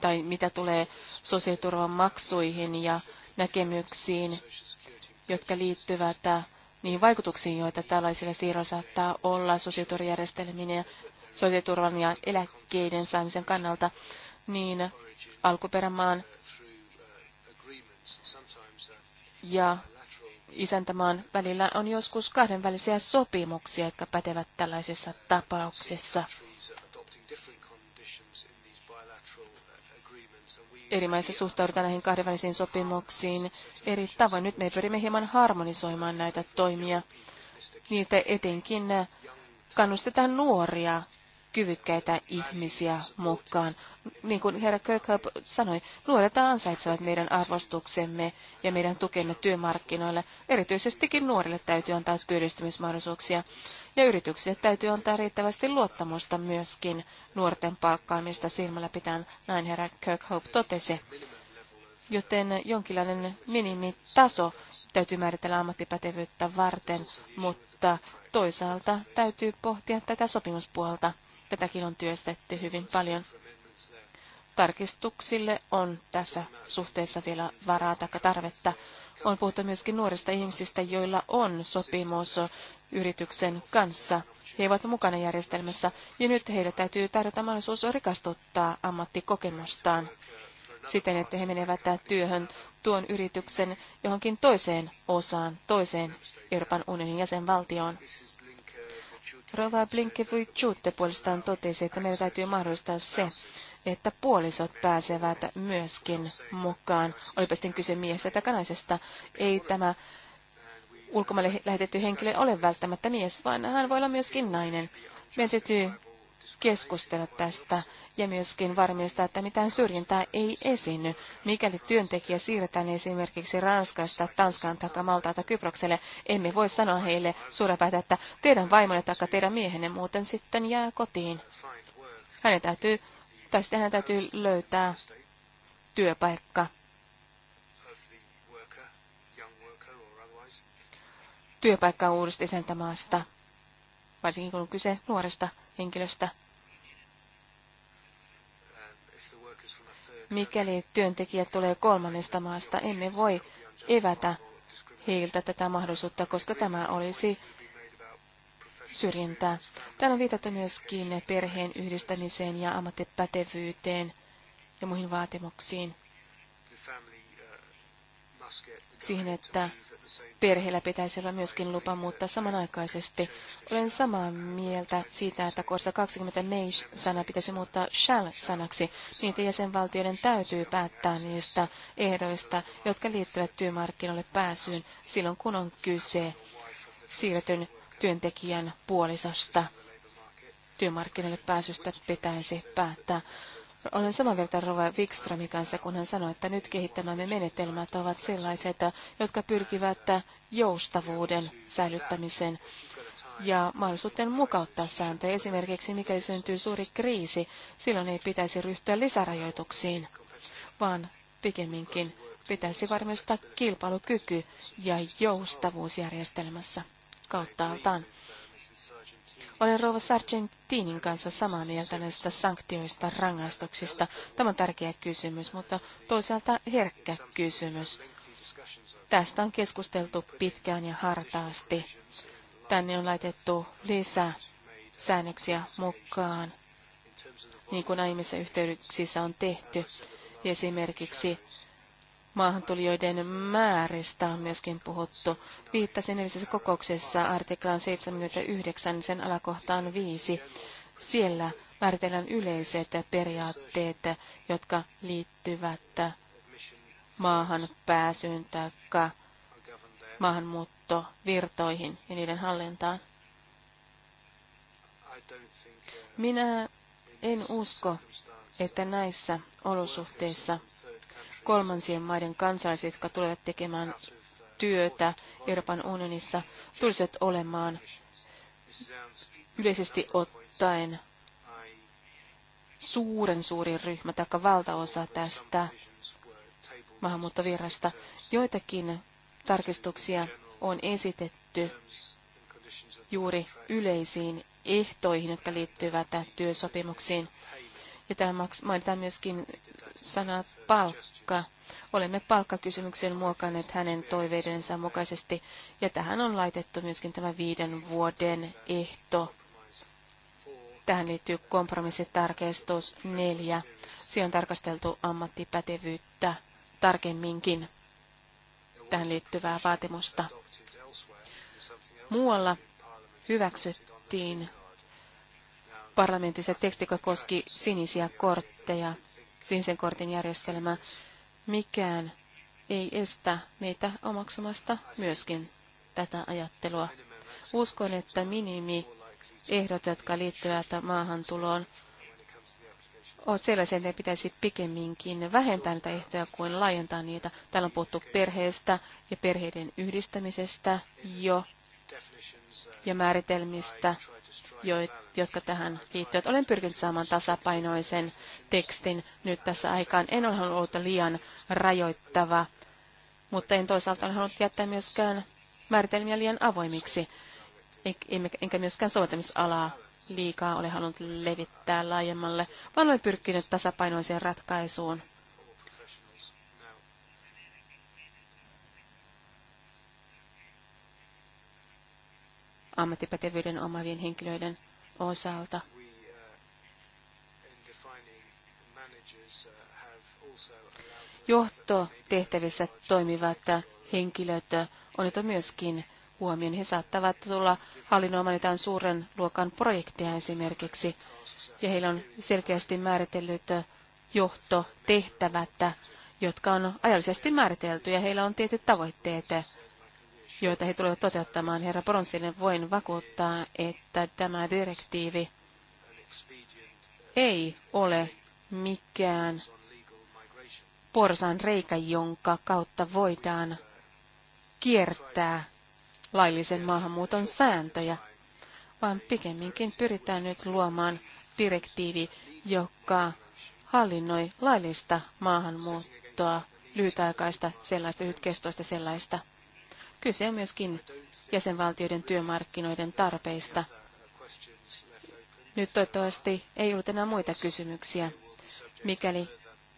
tai mitä tulee sosiaaliturvan maksuihin ja näkemyksiin, jotka liittyvät äh, niihin vaikutuksiin, joita tällaisilla siirroilla saattaa olla sosiaaliturvajärjestelmien ja sosiaaliturvan ja eläkkeiden saamisen kannalta, niin alkuperämaan ja isäntämaan välillä on joskus kahdenvälisiä sopimuksia, jotka pätevät tällaisessa tapauksessa. eri maissa suhtaudutaan näihin kahdenvälisiin sopimuksiin eri tavoin. Nyt me pyrimme hieman harmonisoimaan näitä toimia. Niitä etenkin kannustetaan nuoria kyvykkäitä ihmisiä mukaan. Niin kuin herra Kirkhope sanoi, nuoret ansaitsevat meidän arvostuksemme ja meidän tukemme työmarkkinoille. Erityisestikin nuorille täytyy antaa työllistymismahdollisuuksia ja yrityksille täytyy antaa riittävästi luottamusta myöskin nuorten palkkaamista silmällä pitää. näin herra Kirkhope totesi. Joten jonkinlainen minimitaso täytyy määritellä ammattipätevyyttä varten, mutta toisaalta täytyy pohtia tätä sopimuspuolta Tätäkin on työstetty hyvin paljon. Tarkistuksille on tässä suhteessa vielä varaa tai tarvetta. On puhuttu myöskin nuorista ihmisistä, joilla on sopimus yrityksen kanssa. He ovat mukana järjestelmässä ja nyt heille täytyy tarjota mahdollisuus rikastuttaa ammattikokemustaan siten, että he menevät työhön tuon yrityksen johonkin toiseen osaan, toiseen Euroopan unionin jäsenvaltioon. Rova Blinkevichutte puolestaan totesi, että meidän täytyy mahdollistaa se, että puolisot pääsevät myöskin mukaan, olipa sitten kyse miehestä tai kanaisesta. Ei tämä ulkomaille lähetetty henkilö ole välttämättä mies, vaan hän voi olla myöskin nainen. Meidän täytyy keskustella tästä ja myöskin varmistaa, että mitään syrjintää ei esiinny. Mikäli työntekijä siirretään esimerkiksi Ranskasta, Tanskaan tai Maltaalta Kyprokselle, emme voi sanoa heille suurepäätä, että teidän vaimonne tai teidän miehenne muuten sitten jää kotiin. Hänen täytyy, tai sitten hänen täytyy löytää työpaikka. Työpaikka uudesta isäntämaasta, varsinkin kun on kyse nuoresta henkilöstä. mikäli työntekijät tulee kolmannesta maasta, emme voi evätä heiltä tätä mahdollisuutta, koska tämä olisi syrjintää. Täällä on viitattu myöskin perheen yhdistämiseen ja ammattipätevyyteen ja muihin vaatimuksiin. Siihen, että perheellä pitäisi olla myöskin lupa muuttaa samanaikaisesti. Olen samaa mieltä siitä, että korsa 20 may-sana pitäisi muuttaa shall-sanaksi, niin että jäsenvaltioiden täytyy päättää niistä ehdoista, jotka liittyvät työmarkkinoille pääsyyn silloin, kun on kyse siirretyn työntekijän puolisosta. Työmarkkinoille pääsystä pitäisi päättää. Olen samaa mieltä Rova Wikströmin kanssa, kun hän sanoi, että nyt kehittämämme menetelmät ovat sellaiset, jotka pyrkivät joustavuuden säilyttämiseen ja mahdollisuuteen mukauttaa sääntöjä. Esimerkiksi mikäli syntyy suuri kriisi, silloin ei pitäisi ryhtyä lisärajoituksiin, vaan pikemminkin pitäisi varmistaa kilpailukyky ja joustavuus järjestelmässä kauttaaltaan. Olen Rova Sargentinin kanssa samaa mieltä näistä sanktioista, rangaistuksista. Tämä on tärkeä kysymys, mutta toisaalta herkkä kysymys. Tästä on keskusteltu pitkään ja hartaasti. Tänne on laitettu lisää säännöksiä mukaan, niin kuin aiemmissa yhteyksissä on tehty. Esimerkiksi maahantulijoiden määristä on myöskin puhuttu. Viittasin edellisessä kokouksessa artiklaan 79, sen alakohtaan 5. Siellä määritellään yleiset periaatteet, jotka liittyvät maahan pääsyyn tai maahanmuuttovirtoihin ja niiden hallintaan. Minä en usko, että näissä olosuhteissa kolmansien maiden kansalaiset, jotka tulevat tekemään työtä Euroopan unionissa, tulisivat olemaan yleisesti ottaen suuren suuri ryhmä tai valtaosa tästä maahanmuuttovirrasta. Joitakin tarkistuksia on esitetty juuri yleisiin ehtoihin, jotka liittyvät työsopimuksiin ja täällä mainitaan myöskin sana palkka. Olemme palkkakysymyksen muokanneet hänen toiveidensa mukaisesti. Ja tähän on laitettu myöskin tämä viiden vuoden ehto. Tähän liittyy kompromissitarkistus neljä. Siinä on tarkasteltu ammattipätevyyttä tarkemminkin tähän liittyvää vaatimusta. Muualla hyväksyttiin parlamentissa teksti, joka koski sinisiä kortteja, sinisen kortin järjestelmää. Mikään ei estä meitä omaksumasta myöskin tätä ajattelua. Uskon, että minimi ehdot, jotka liittyvät maahantuloon, ovat sellaisia, että ne pitäisi pikemminkin vähentää näitä ehtoja kuin laajentaa niitä. Täällä on puhuttu perheestä ja perheiden yhdistämisestä jo ja määritelmistä jotka tähän liittyvät. Olen pyrkinyt saamaan tasapainoisen tekstin nyt tässä aikaan. En ole halunnut olla liian rajoittava, mutta en toisaalta ole halunnut jättää myöskään määritelmiä liian avoimiksi, enkä myöskään soveltamisalaa liikaa ole halunnut levittää laajemmalle, vaan olen pyrkinyt tasapainoiseen ratkaisuun. ammattipätevyyden omavien henkilöiden osalta. Johtotehtävissä toimivat henkilöt on otettu myöskin huomioon. He saattavat tulla hallinnoimaan jotain suuren luokan projekteja esimerkiksi, ja heillä on selkeästi määritellyt johtotehtävät, jotka on ajallisesti määritelty, ja heillä on tietyt tavoitteet joita he tulevat toteuttamaan. Herra Poronsinen, voin vakuuttaa, että tämä direktiivi ei ole mikään porsan reikä, jonka kautta voidaan kiertää laillisen maahanmuuton sääntöjä, vaan pikemminkin pyritään nyt luomaan direktiivi, joka hallinnoi laillista maahanmuuttoa, lyhytaikaista sellaista, lyhytkestoista sellaista. Kyse on myöskin jäsenvaltioiden työmarkkinoiden tarpeista. Nyt toivottavasti ei ollut enää muita kysymyksiä. Mikäli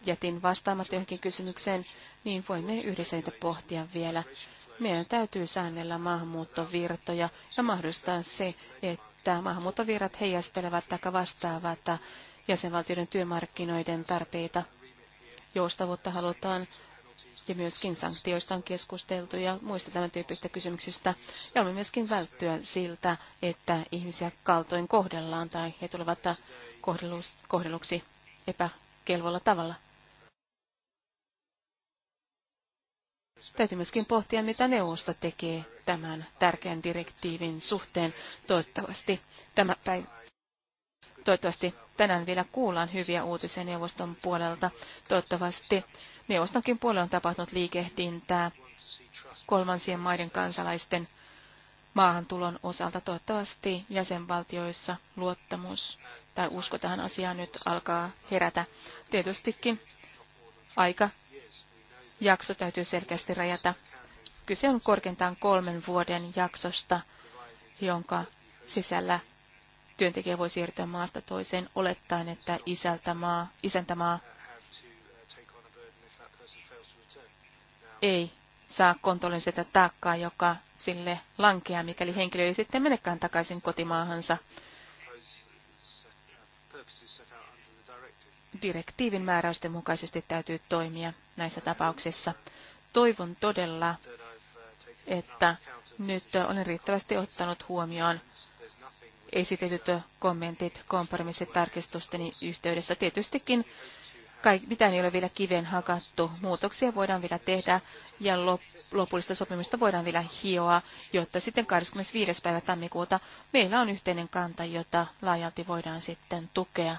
jätin vastaamatta johonkin kysymykseen, niin voimme yhdessä niitä pohtia vielä. Meidän täytyy säännellä maahanmuuttovirtoja ja mahdollistaa se, että maahanmuuttovirrat heijastelevat tai vastaavat jäsenvaltioiden työmarkkinoiden tarpeita. Joustavuutta halutaan ja myöskin sanktioista on keskusteltu ja muista tämän tyyppisistä kysymyksistä. Ja olemme myöskin välttyä siltä, että ihmisiä kaltoin kohdellaan tai he tulevat kohdelluksi epäkelvolla tavalla. Täytyy myöskin pohtia, mitä neuvosto tekee tämän tärkeän direktiivin suhteen. Toivottavasti tämä päivä. Toivottavasti Tänään vielä kuullaan hyviä uutisia neuvoston puolelta. Toivottavasti neuvostonkin puolella on tapahtunut liikehdintää kolmansien maiden kansalaisten maahantulon osalta. Toivottavasti jäsenvaltioissa luottamus tai usko tähän asiaan nyt alkaa herätä. Tietystikin aika jakso täytyy selkeästi rajata. Kyse on korkeintaan kolmen vuoden jaksosta, jonka sisällä työntekijä voi siirtyä maasta toiseen olettaen, että isältämaa, isäntämaa ei saa kontrollin sitä taakkaa, joka sille lankeaa, mikäli henkilö ei sitten menekään takaisin kotimaahansa. Direktiivin määräysten mukaisesti täytyy toimia näissä tapauksissa. Toivon todella, että nyt olen riittävästi ottanut huomioon esitetyt kommentit kompromissitarkistusteni yhteydessä. Tietystikin kaik, mitään ei ole vielä kiveen hakattu. Muutoksia voidaan vielä tehdä ja lopullista sopimista voidaan vielä hioa, jotta sitten 25. päivä tammikuuta meillä on yhteinen kanta, jota laajalti voidaan sitten tukea.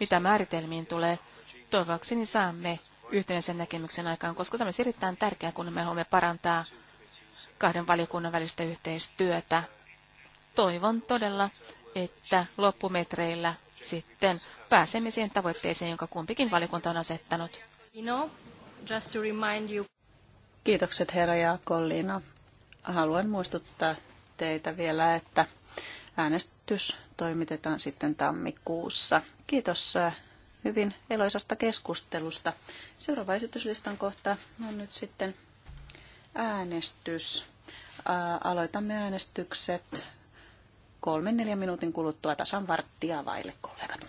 Mitä määritelmiin tulee, toivakseni saamme yhteisen näkemyksen aikaan, koska tämä on erittäin tärkeää, kun me haluamme parantaa kahden valiokunnan välistä yhteistyötä toivon todella, että loppumetreillä sitten pääsemme siihen tavoitteeseen, jonka kumpikin valiokunta on asettanut. Kiitokset herra Jaakolliina. Haluan muistuttaa teitä vielä, että äänestys toimitetaan sitten tammikuussa. Kiitos äh, hyvin eloisasta keskustelusta. Seuraava esityslistan kohta on nyt sitten äänestys. Aloitamme äänestykset kolmen neljän minuutin kuluttua tasan varttia vaille kollegat.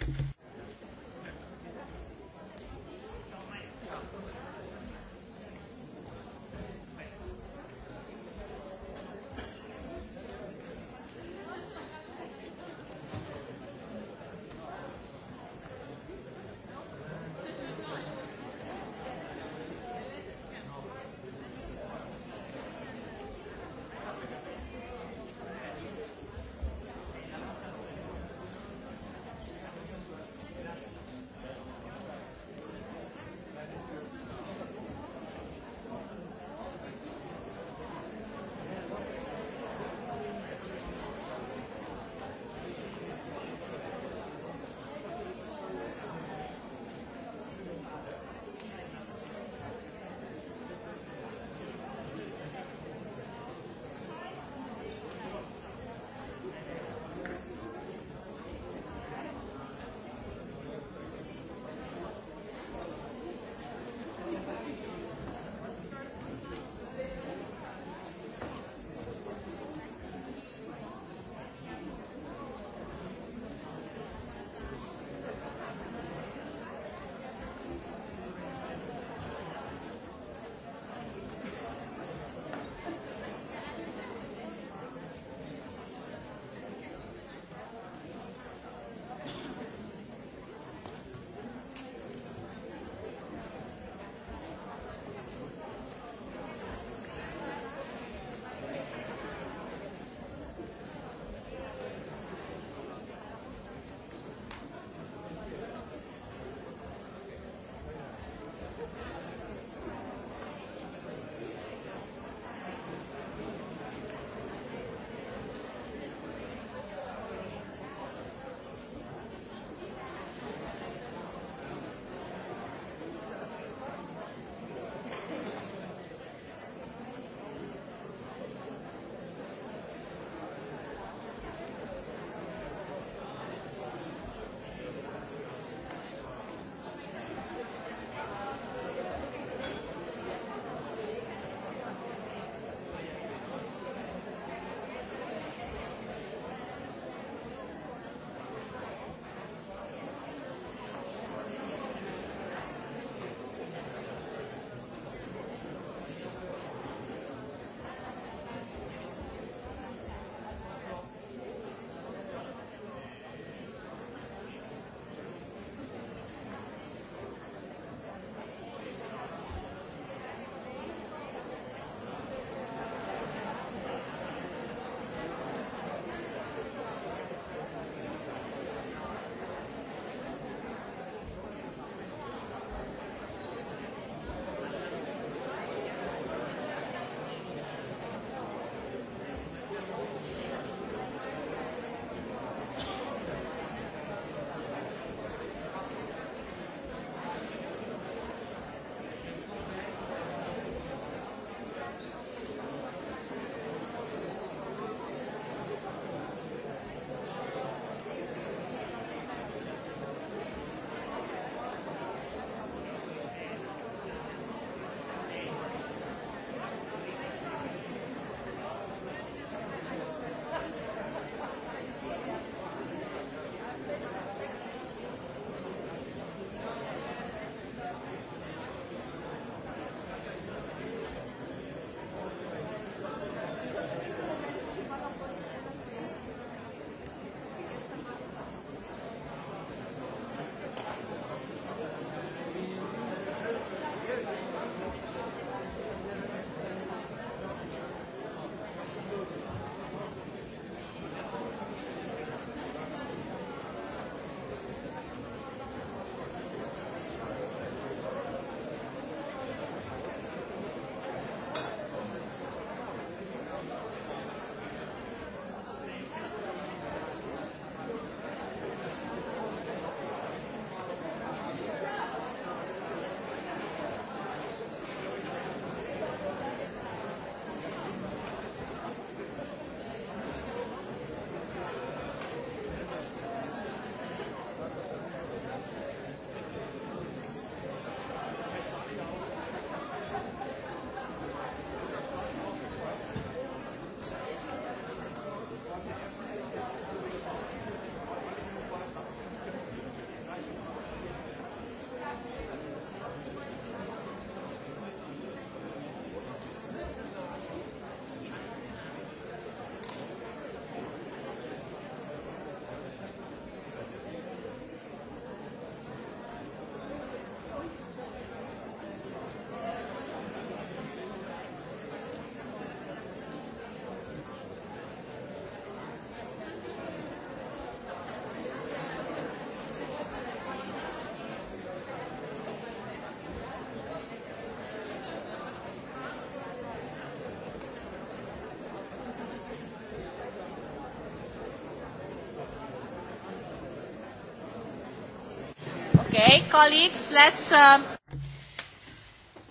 Okay, colleagues, let's... Uh...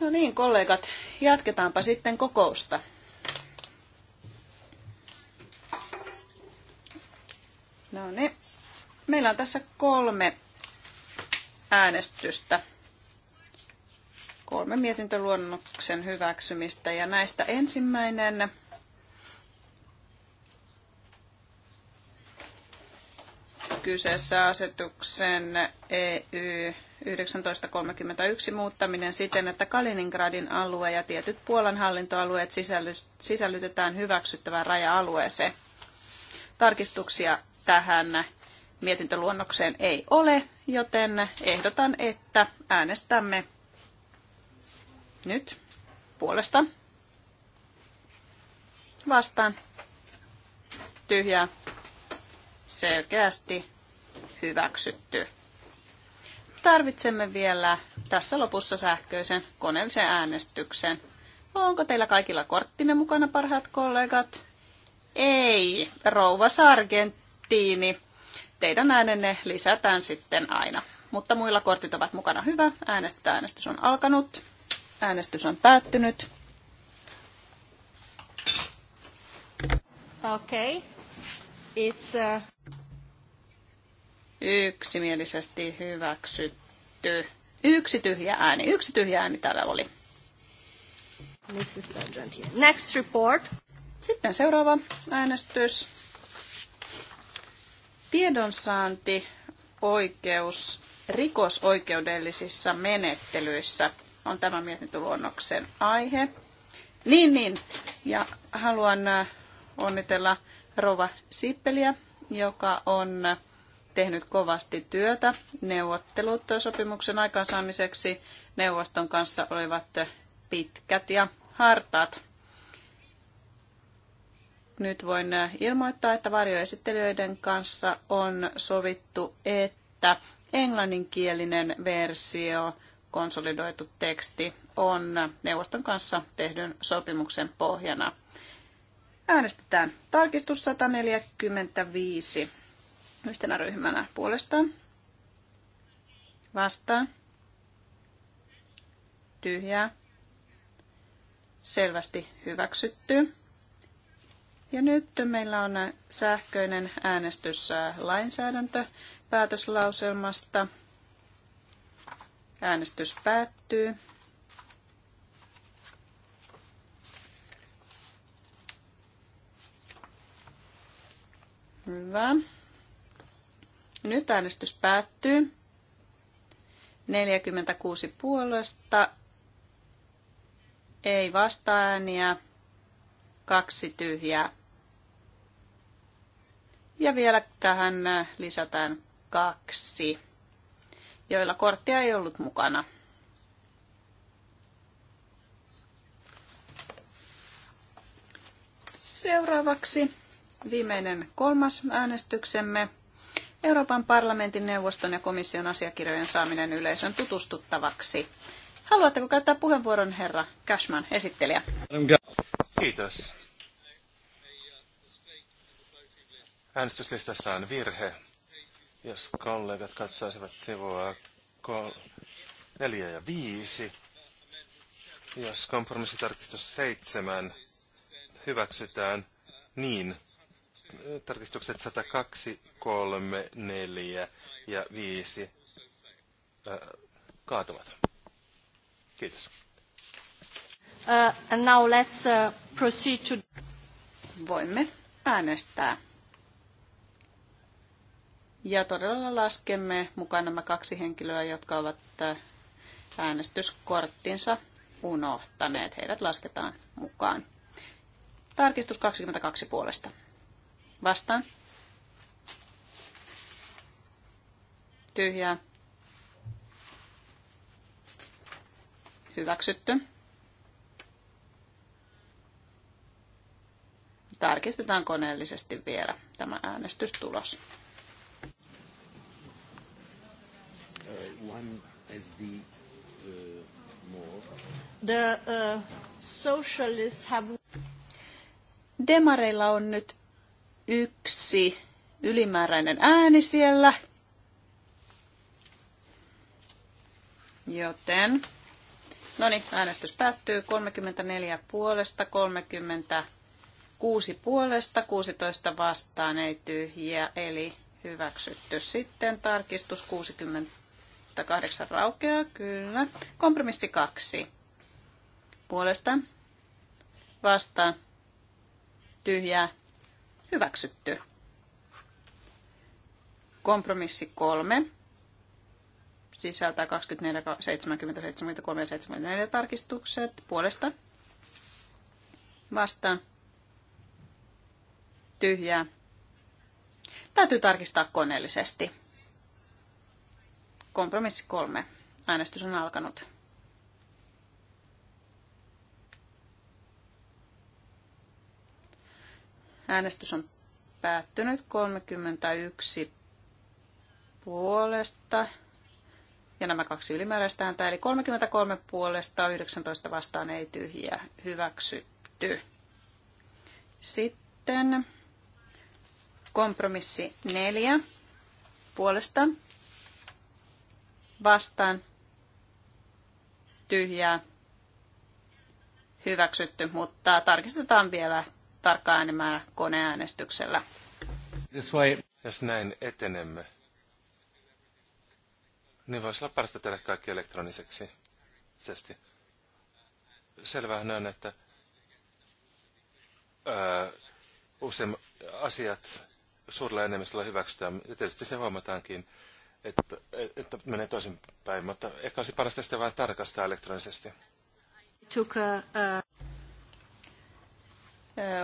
No niin, kollegat, jatketaanpa sitten kokousta. No niin, meillä on tässä kolme äänestystä. Kolme mietintöluonnoksen hyväksymistä ja näistä ensimmäinen kyseessä asetuksen EY 1931 muuttaminen siten, että Kaliningradin alue ja tietyt Puolan hallintoalueet sisällytetään hyväksyttävään raja-alueeseen. Tarkistuksia tähän mietintöluonnokseen ei ole, joten ehdotan, että äänestämme nyt puolesta vastaan tyhjää selkeästi hyväksytty. Tarvitsemme vielä tässä lopussa sähköisen koneellisen äänestyksen. Onko teillä kaikilla korttine mukana, parhaat kollegat? Ei, rouva Sargentini. Teidän äänenne lisätään sitten aina. Mutta muilla kortit ovat mukana hyvä. Äänestetään. Äänestys on alkanut. Äänestys on päättynyt. Okay. It's a... Uh, Yksimielisesti hyväksytty. Yksi tyhjä ääni. Yksi tyhjä ääni täällä oli. Mrs. Next report. Sitten seuraava äänestys. Tiedonsaanti oikeus rikosoikeudellisissa menettelyissä on tämä mietintöluonnoksen aihe. Niin, niin. Ja haluan äh, onnitella Rova Sippeliä, joka on tehnyt kovasti työtä. Neuvottelut sopimuksen aikaansaamiseksi neuvoston kanssa olivat pitkät ja hartaat. Nyt voin ilmoittaa, että varjoesittelijöiden kanssa on sovittu, että englanninkielinen versio, konsolidoitu teksti, on neuvoston kanssa tehdyn sopimuksen pohjana. Äänestetään tarkistus 145 yhtenä ryhmänä puolestaan. Vastaan. Tyhjää. Selvästi hyväksytty. Ja nyt meillä on sähköinen äänestys äh, lainsäädäntö päätöslauselmasta. Äänestys päättyy. Hyvä. Nyt äänestys päättyy. 46 puolesta, ei vastaääniä, kaksi tyhjää. Ja vielä tähän lisätään kaksi, joilla korttia ei ollut mukana. Seuraavaksi viimeinen kolmas äänestyksemme. Euroopan parlamentin neuvoston ja komission asiakirjojen saaminen yleisön tutustuttavaksi. Haluatteko käyttää puheenvuoron, herra Cashman, esittelijä? Kiitos. Äänestyslistassa on virhe. Jos kollegat katsoisivat sivua kol- 4 ja 5, jos kompromissitarkistus 7 hyväksytään, niin tarkistukset 102, 3, 4 ja 5 kaatuvat. Kiitos. Uh, and now let's uh, proceed to... Voimme äänestää. Ja todella laskemme mukaan nämä kaksi henkilöä, jotka ovat äänestyskorttinsa unohtaneet. Heidät lasketaan mukaan. Tarkistus 22 puolesta. Vastaan. Tyhjää. Hyväksytty. Tarkistetaan koneellisesti vielä tämä äänestystulos. Uh, one SD uh, more. The uh, socialists have... Demareilla on nyt yksi ylimääräinen ääni siellä. Joten, no niin, äänestys päättyy 34 puolesta, 36 puolesta, 16 vastaan ei tyhjiä, eli hyväksytty. Sitten tarkistus 68 raukeaa, kyllä. Kompromissi 2. Puolesta, vastaan, tyhjää, Hyväksytty. Kompromissi kolme sisältää 24, 70, 73 ja 74 tarkistukset puolesta. Vastaan. Tyhjää. Täytyy tarkistaa koneellisesti. Kompromissi kolme. Äänestys on alkanut. Äänestys on päättynyt 31 puolesta. Ja nämä kaksi ylimääräistä ääntä, eli 33 puolesta, 19 vastaan ei tyhjiä, hyväksytty. Sitten kompromissi 4 puolesta, vastaan, tyhjää, hyväksytty, mutta tarkistetaan vielä tarkka äänimäärä koneäänestyksellä. This way. Jos näin etenemme, niin voisi olla parasta tehdä kaikki elektroniseksi. Sesti. Selvähän on, että usein asiat suurella enemmistöllä hyväksytään. Ja tietysti se huomataankin, että, että menee toisinpäin, mutta ehkä olisi parasta sitä vain tarkastaa elektronisesti. Took a, a...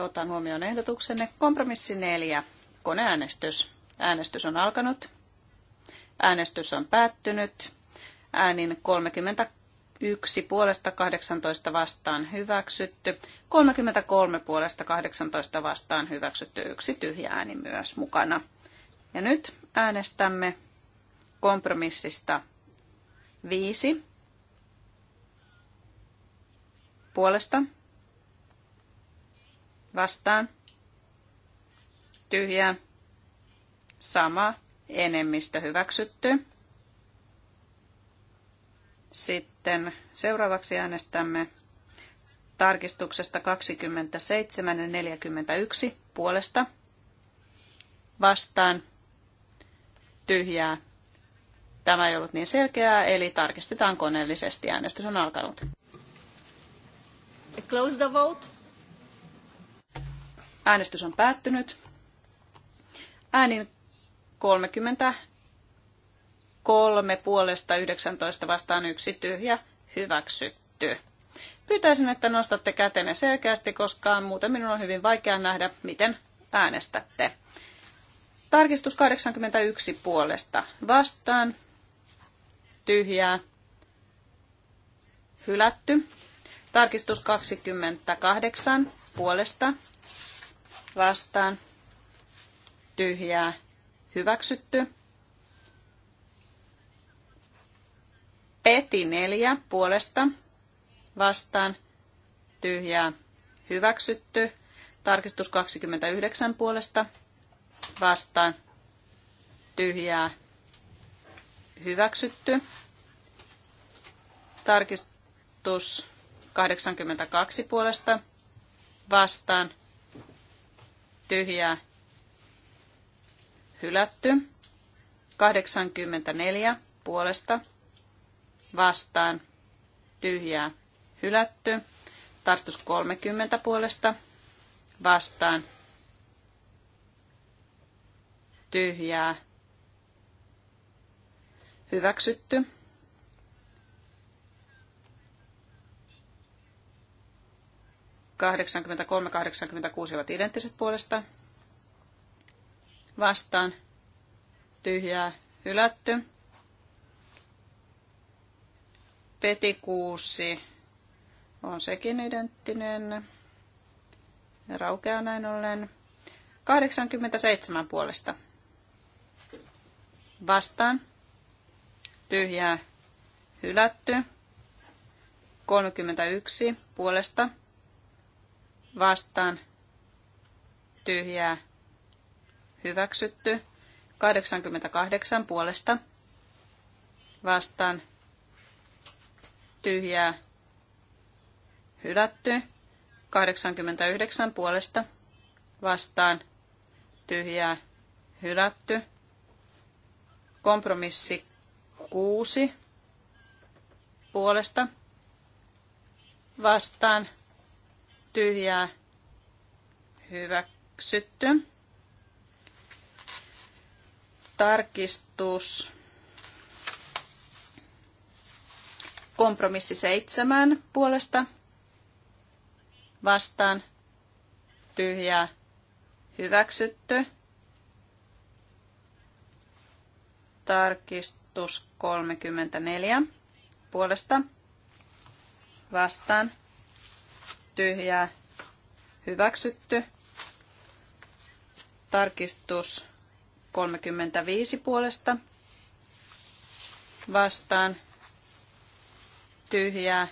Otan huomioon ehdotuksenne. Kompromissi neljä. Koneäänestys. Äänestys on alkanut. Äänestys on päättynyt. Äänin 31 puolesta 18 vastaan hyväksytty. 33 puolesta 18 vastaan hyväksytty. Yksi tyhjä ääni myös mukana. Ja nyt äänestämme kompromissista viisi puolesta vastaan tyhjää sama enemmistö hyväksytty. Sitten seuraavaksi äänestämme tarkistuksesta 27 ja 41 puolesta vastaan tyhjää. Tämä ei ollut niin selkeää, eli tarkistetaan koneellisesti. Äänestys on alkanut. Close the vote. Äänestys on päättynyt. Äänin 33 puolesta 19 vastaan yksi tyhjä hyväksytty. Pyytäisin, että nostatte kätenne selkeästi, koska muuten minun on hyvin vaikea nähdä, miten äänestätte. Tarkistus 81 puolesta vastaan. Tyhjää. Hylätty. Tarkistus 28 puolesta vastaan tyhjää hyväksytty. Peti neljä puolesta vastaan tyhjää hyväksytty. Tarkistus 29 puolesta vastaan tyhjää hyväksytty. Tarkistus 82 puolesta vastaan tyhjää hylätty. 84 puolesta vastaan tyhjää hylätty. Tarstus 30 puolesta vastaan tyhjää hyväksytty. 83-86 ovat identtiset puolesta. Vastaan. Tyhjää. Hylätty. Peti 6 on sekin identtinen. raukea näin ollen. 87 puolesta. Vastaan. Tyhjää. Hylätty. 31 puolesta vastaan tyhjää hyväksytty. 88 puolesta vastaan tyhjää hylätty. 89 puolesta vastaan tyhjää hylätty. Kompromissi 6 puolesta vastaan tyhjää hyväksytty. Tarkistus. Kompromissi seitsemän puolesta vastaan tyhjää hyväksytty. Tarkistus 34 puolesta vastaan tyhjää, hyväksytty. Tarkistus 35 puolesta vastaan, tyhjää,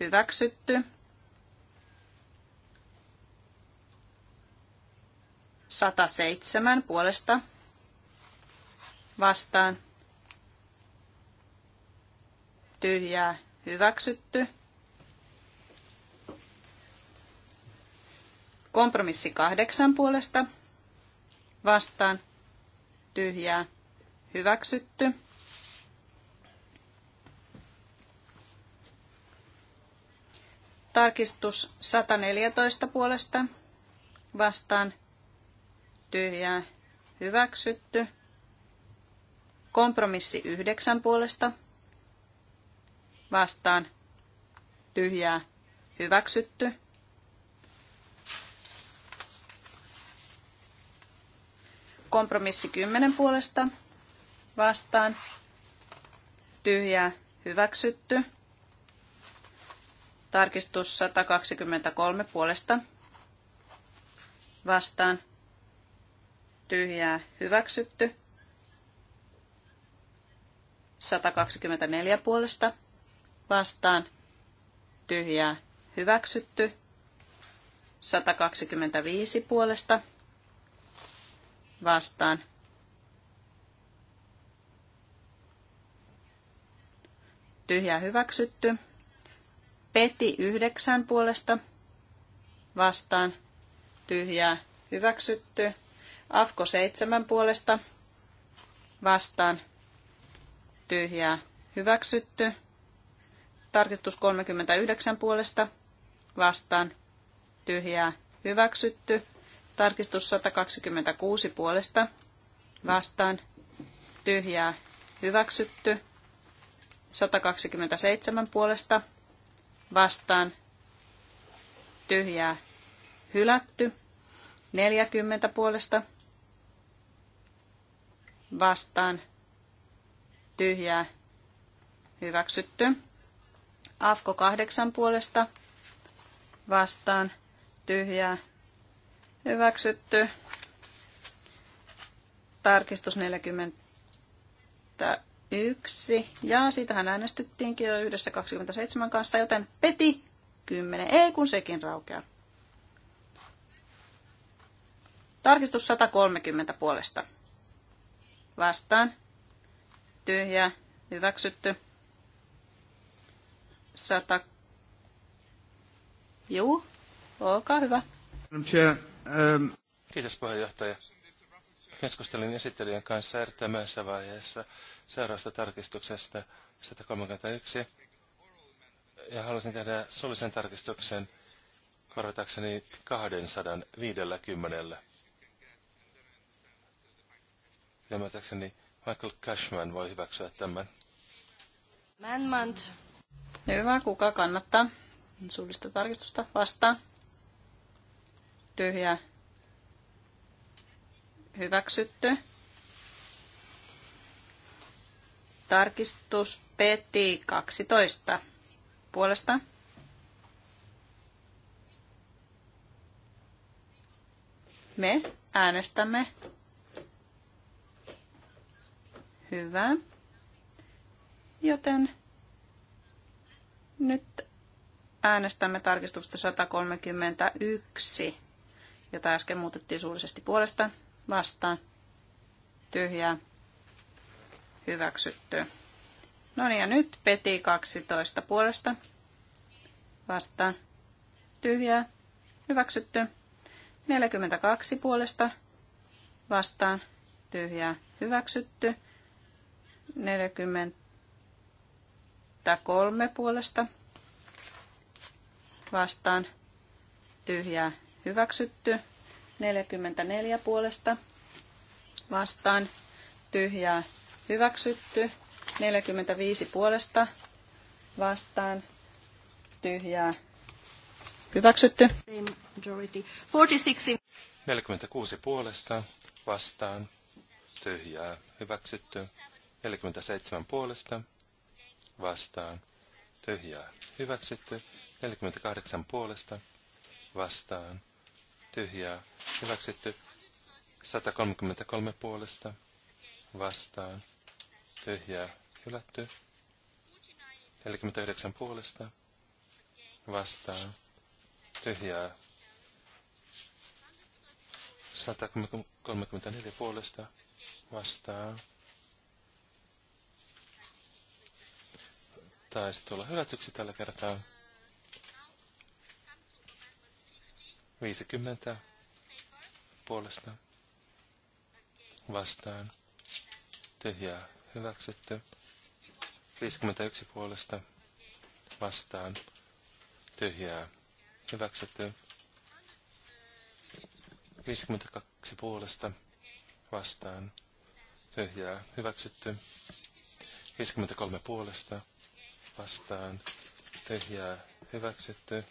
hyväksytty. Sata seitsemän puolesta vastaan tyhjää hyväksytty. Kompromissi kahdeksan puolesta vastaan tyhjää hyväksytty. Tarkistus 114 puolesta vastaan tyhjää hyväksytty. Kompromissi 9 puolesta vastaan tyhjää hyväksytty. Kompromissi 10 puolesta vastaan. tyhjä hyväksytty. Tarkistus 123 puolesta vastaan. Tyhjää hyväksytty. 124 puolesta vastaan. Tyhjää hyväksytty. 125 puolesta vastaan vastaan. Tyhjä hyväksytty. Peti yhdeksän puolesta vastaan. Tyhjää hyväksytty. Afko seitsemän puolesta vastaan. Tyhjää hyväksytty. Tarkistus 39 puolesta vastaan. Tyhjää hyväksytty. Tarkistus 126 puolesta vastaan tyhjää hyväksytty. 127 puolesta vastaan tyhjää hylätty. 40 puolesta vastaan tyhjää hyväksytty. Afko 8 puolesta vastaan tyhjää Hyväksytty. Tarkistus 41. Ja siitähän äänestyttiinkin jo yhdessä 27 kanssa, joten peti 10. Ei kun sekin raukea. Tarkistus 130 puolesta. Vastaan. Tyhjä. Hyväksytty. 100. Juu. Olkaa hyvä. Chair, Ähm, Kiitos puheenjohtaja. Keskustelin esittelijän kanssa erittämässä vaiheessa seuraavasta tarkistuksesta 131 ja halusin tehdä suullisen tarkistuksen korvatakseni 250. Ymmärtääkseni Michael Cashman voi hyväksyä tämän. Manmant. Hyvä, kuka kannattaa? Suullista tarkistusta vastaan tyhjä, hyväksytty. Tarkistus peti 12 puolesta. Me äänestämme. Hyvä. Joten nyt äänestämme tarkistusta 131 jota äsken muutettiin suullisesti puolesta, vastaan, tyhjää, hyväksytty. No niin, ja nyt Peti 12 puolesta, vastaan, tyhjää, hyväksytty. 42 puolesta, vastaan, tyhjää, hyväksytty. 43 puolesta, vastaan, tyhjää, hyväksytty. 44 puolesta vastaan tyhjää hyväksytty. 45 puolesta vastaan tyhjää hyväksytty. 46. puolesta vastaan tyhjää hyväksytty. 47 puolesta vastaan tyhjää hyväksytty. 48 puolesta vastaan tyhjää hyväksytty. 133 puolesta vastaan tyhjää hylätty. 49 puolesta vastaan tyhjää 134 puolesta vastaan. Taisi tulla hylätyksi tällä kertaa. 50 puolesta vastaan. Tyhjää hyväksytty. 51 puolesta vastaan. Tyhjää hyväksytty. 52 puolesta vastaan. Tyhjää hyväksytty. 53 puolesta vastaan. Tyhjää hyväksytty.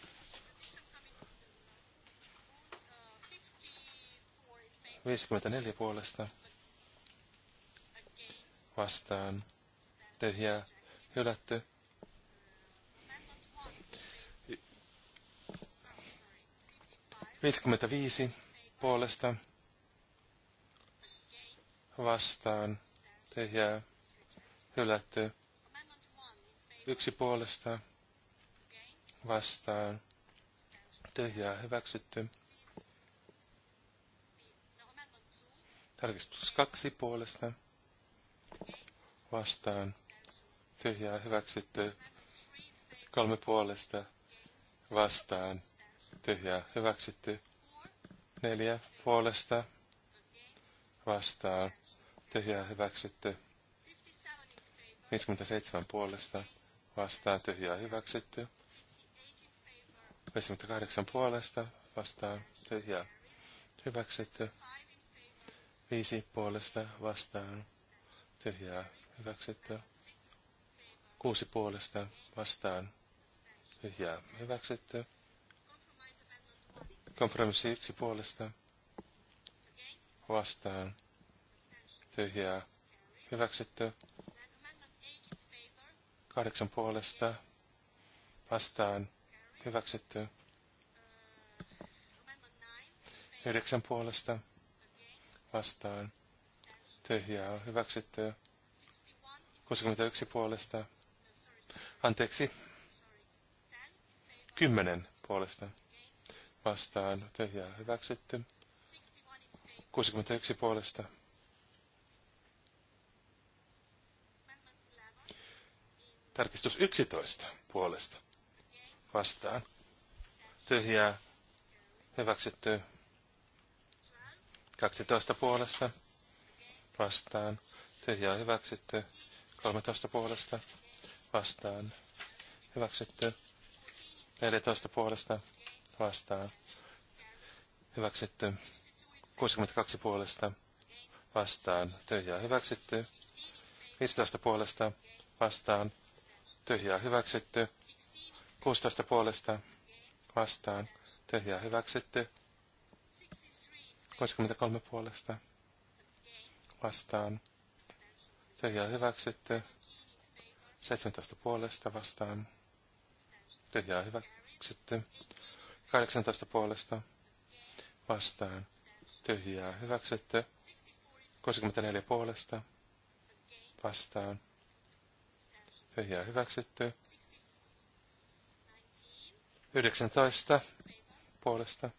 54 puolesta vastaan tyhjää hylätty. viisi puolesta vastaan tyhjää hylätty. Yksi puolesta vastaan tyhjää hyväksytty. Tarkistus kaksi puolesta vastaan. Tyhjää hyväksytty. Kolme puolesta vastaan. Tyhjää hyväksytty. Neljä puolesta vastaan. Tyhjää hyväksytty. 57 puolesta vastaan. Tyhjää hyväksytty. 58 puolesta vastaan. Tyhjää hyväksytty. Viisi puolesta vastaan tyhjää hyväksytty. Kuusi puolesta vastaan tyhjää hyväksytty. Kompromissi yksi puolesta vastaan tyhjää hyväksytty. Kahdeksan puolesta vastaan hyväksytty. Yhdeksän puolesta vastaan tyhjää on hyväksytty. 61 puolesta. Anteeksi. 10 puolesta vastaan tyhjää on hyväksytty. 61 puolesta. Tarkistus 11 puolesta vastaan. Tyhjää hyväksytty. 12 puolesta vastaan. Tyhjää hyväksytty. 13 puolesta vastaan. Hyväksytty. 14 puolesta vastaan. Hyväksytty. 62 puolesta vastaan. Tyhjää hyväksytty. 15 puolesta vastaan. Tyhjää hyväksytty. 16 puolesta vastaan. Tyhjää hyväksytty. 63 puolesta vastaan. Se Tyhjää hyväksytty. 17 puolesta vastaan. Tyhjää hyväksytty. 18 puolesta vastaan. Tyhjää hyväksytty. 64 puolesta vastaan. Tyhjää hyväksytty. 19 puolesta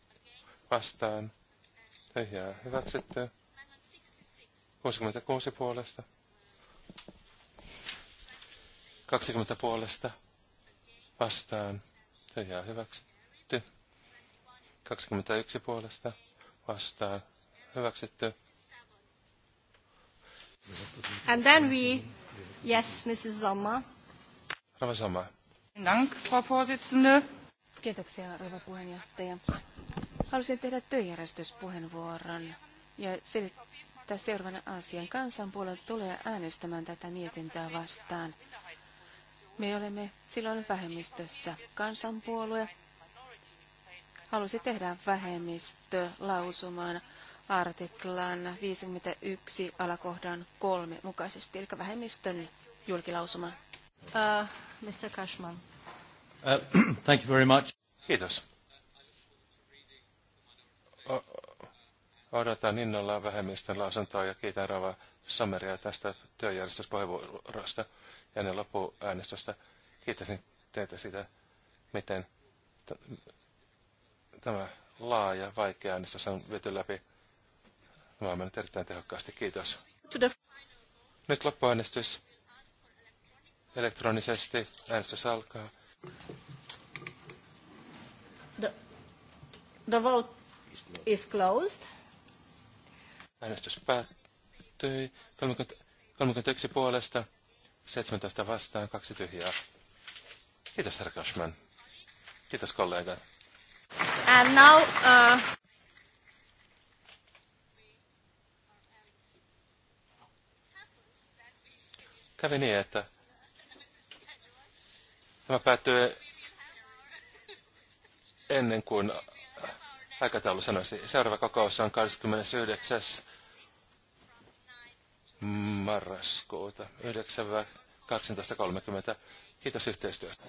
vastaan jää hyväksyttyä. 66 puolesta. 20 puolesta. Vastaan. jää hyväksytty. 21 puolesta. Vastaan. Hyväksytty. And then we... Yes, Mrs. Zoma. Rava Zoma. Dank, Frau Vorsitzende. Kiitoksia, rouva puheenjohtaja. Haluaisin tehdä työjärjestyspuheenvuoron ja selittää seuraavan asian. Kansanpuolue tulee äänestämään tätä mietintöä vastaan. Me olemme silloin vähemmistössä. Kansanpuolue halusi tehdä vähemmistölausumaan artiklan 51 alakohdan 3 mukaisesti, eli vähemmistön julkilausuma. Uh, Mr. Cashman. Uh, thank you very much. Kiitos. Odotan innolla vähemmistön lausuntoa ja kiitän Rova Sameria tästä työjärjestyspuheenvuorosta ja ennen loppuäänestöstä. Kiitäisin teitä siitä, miten tämä laaja, vaikea äänestys on viety läpi. Tämä on mennyt erittäin tehokkaasti. Kiitos. Nyt loppuäänestys. Elektronisesti äänestys alkaa. The, the vote is closed. Äänestys päättyi. 31 puolesta, 17 vastaan, kaksi tyhjää. Kiitos, herra Cashman. Kiitos, kollega. And now, uh... Kävi niin, että tämä päättyy ennen kuin aikataulu sanoisi. Seuraava kokous on 29 marraskuuta 9.12.30. Kiitos yhteistyöstä.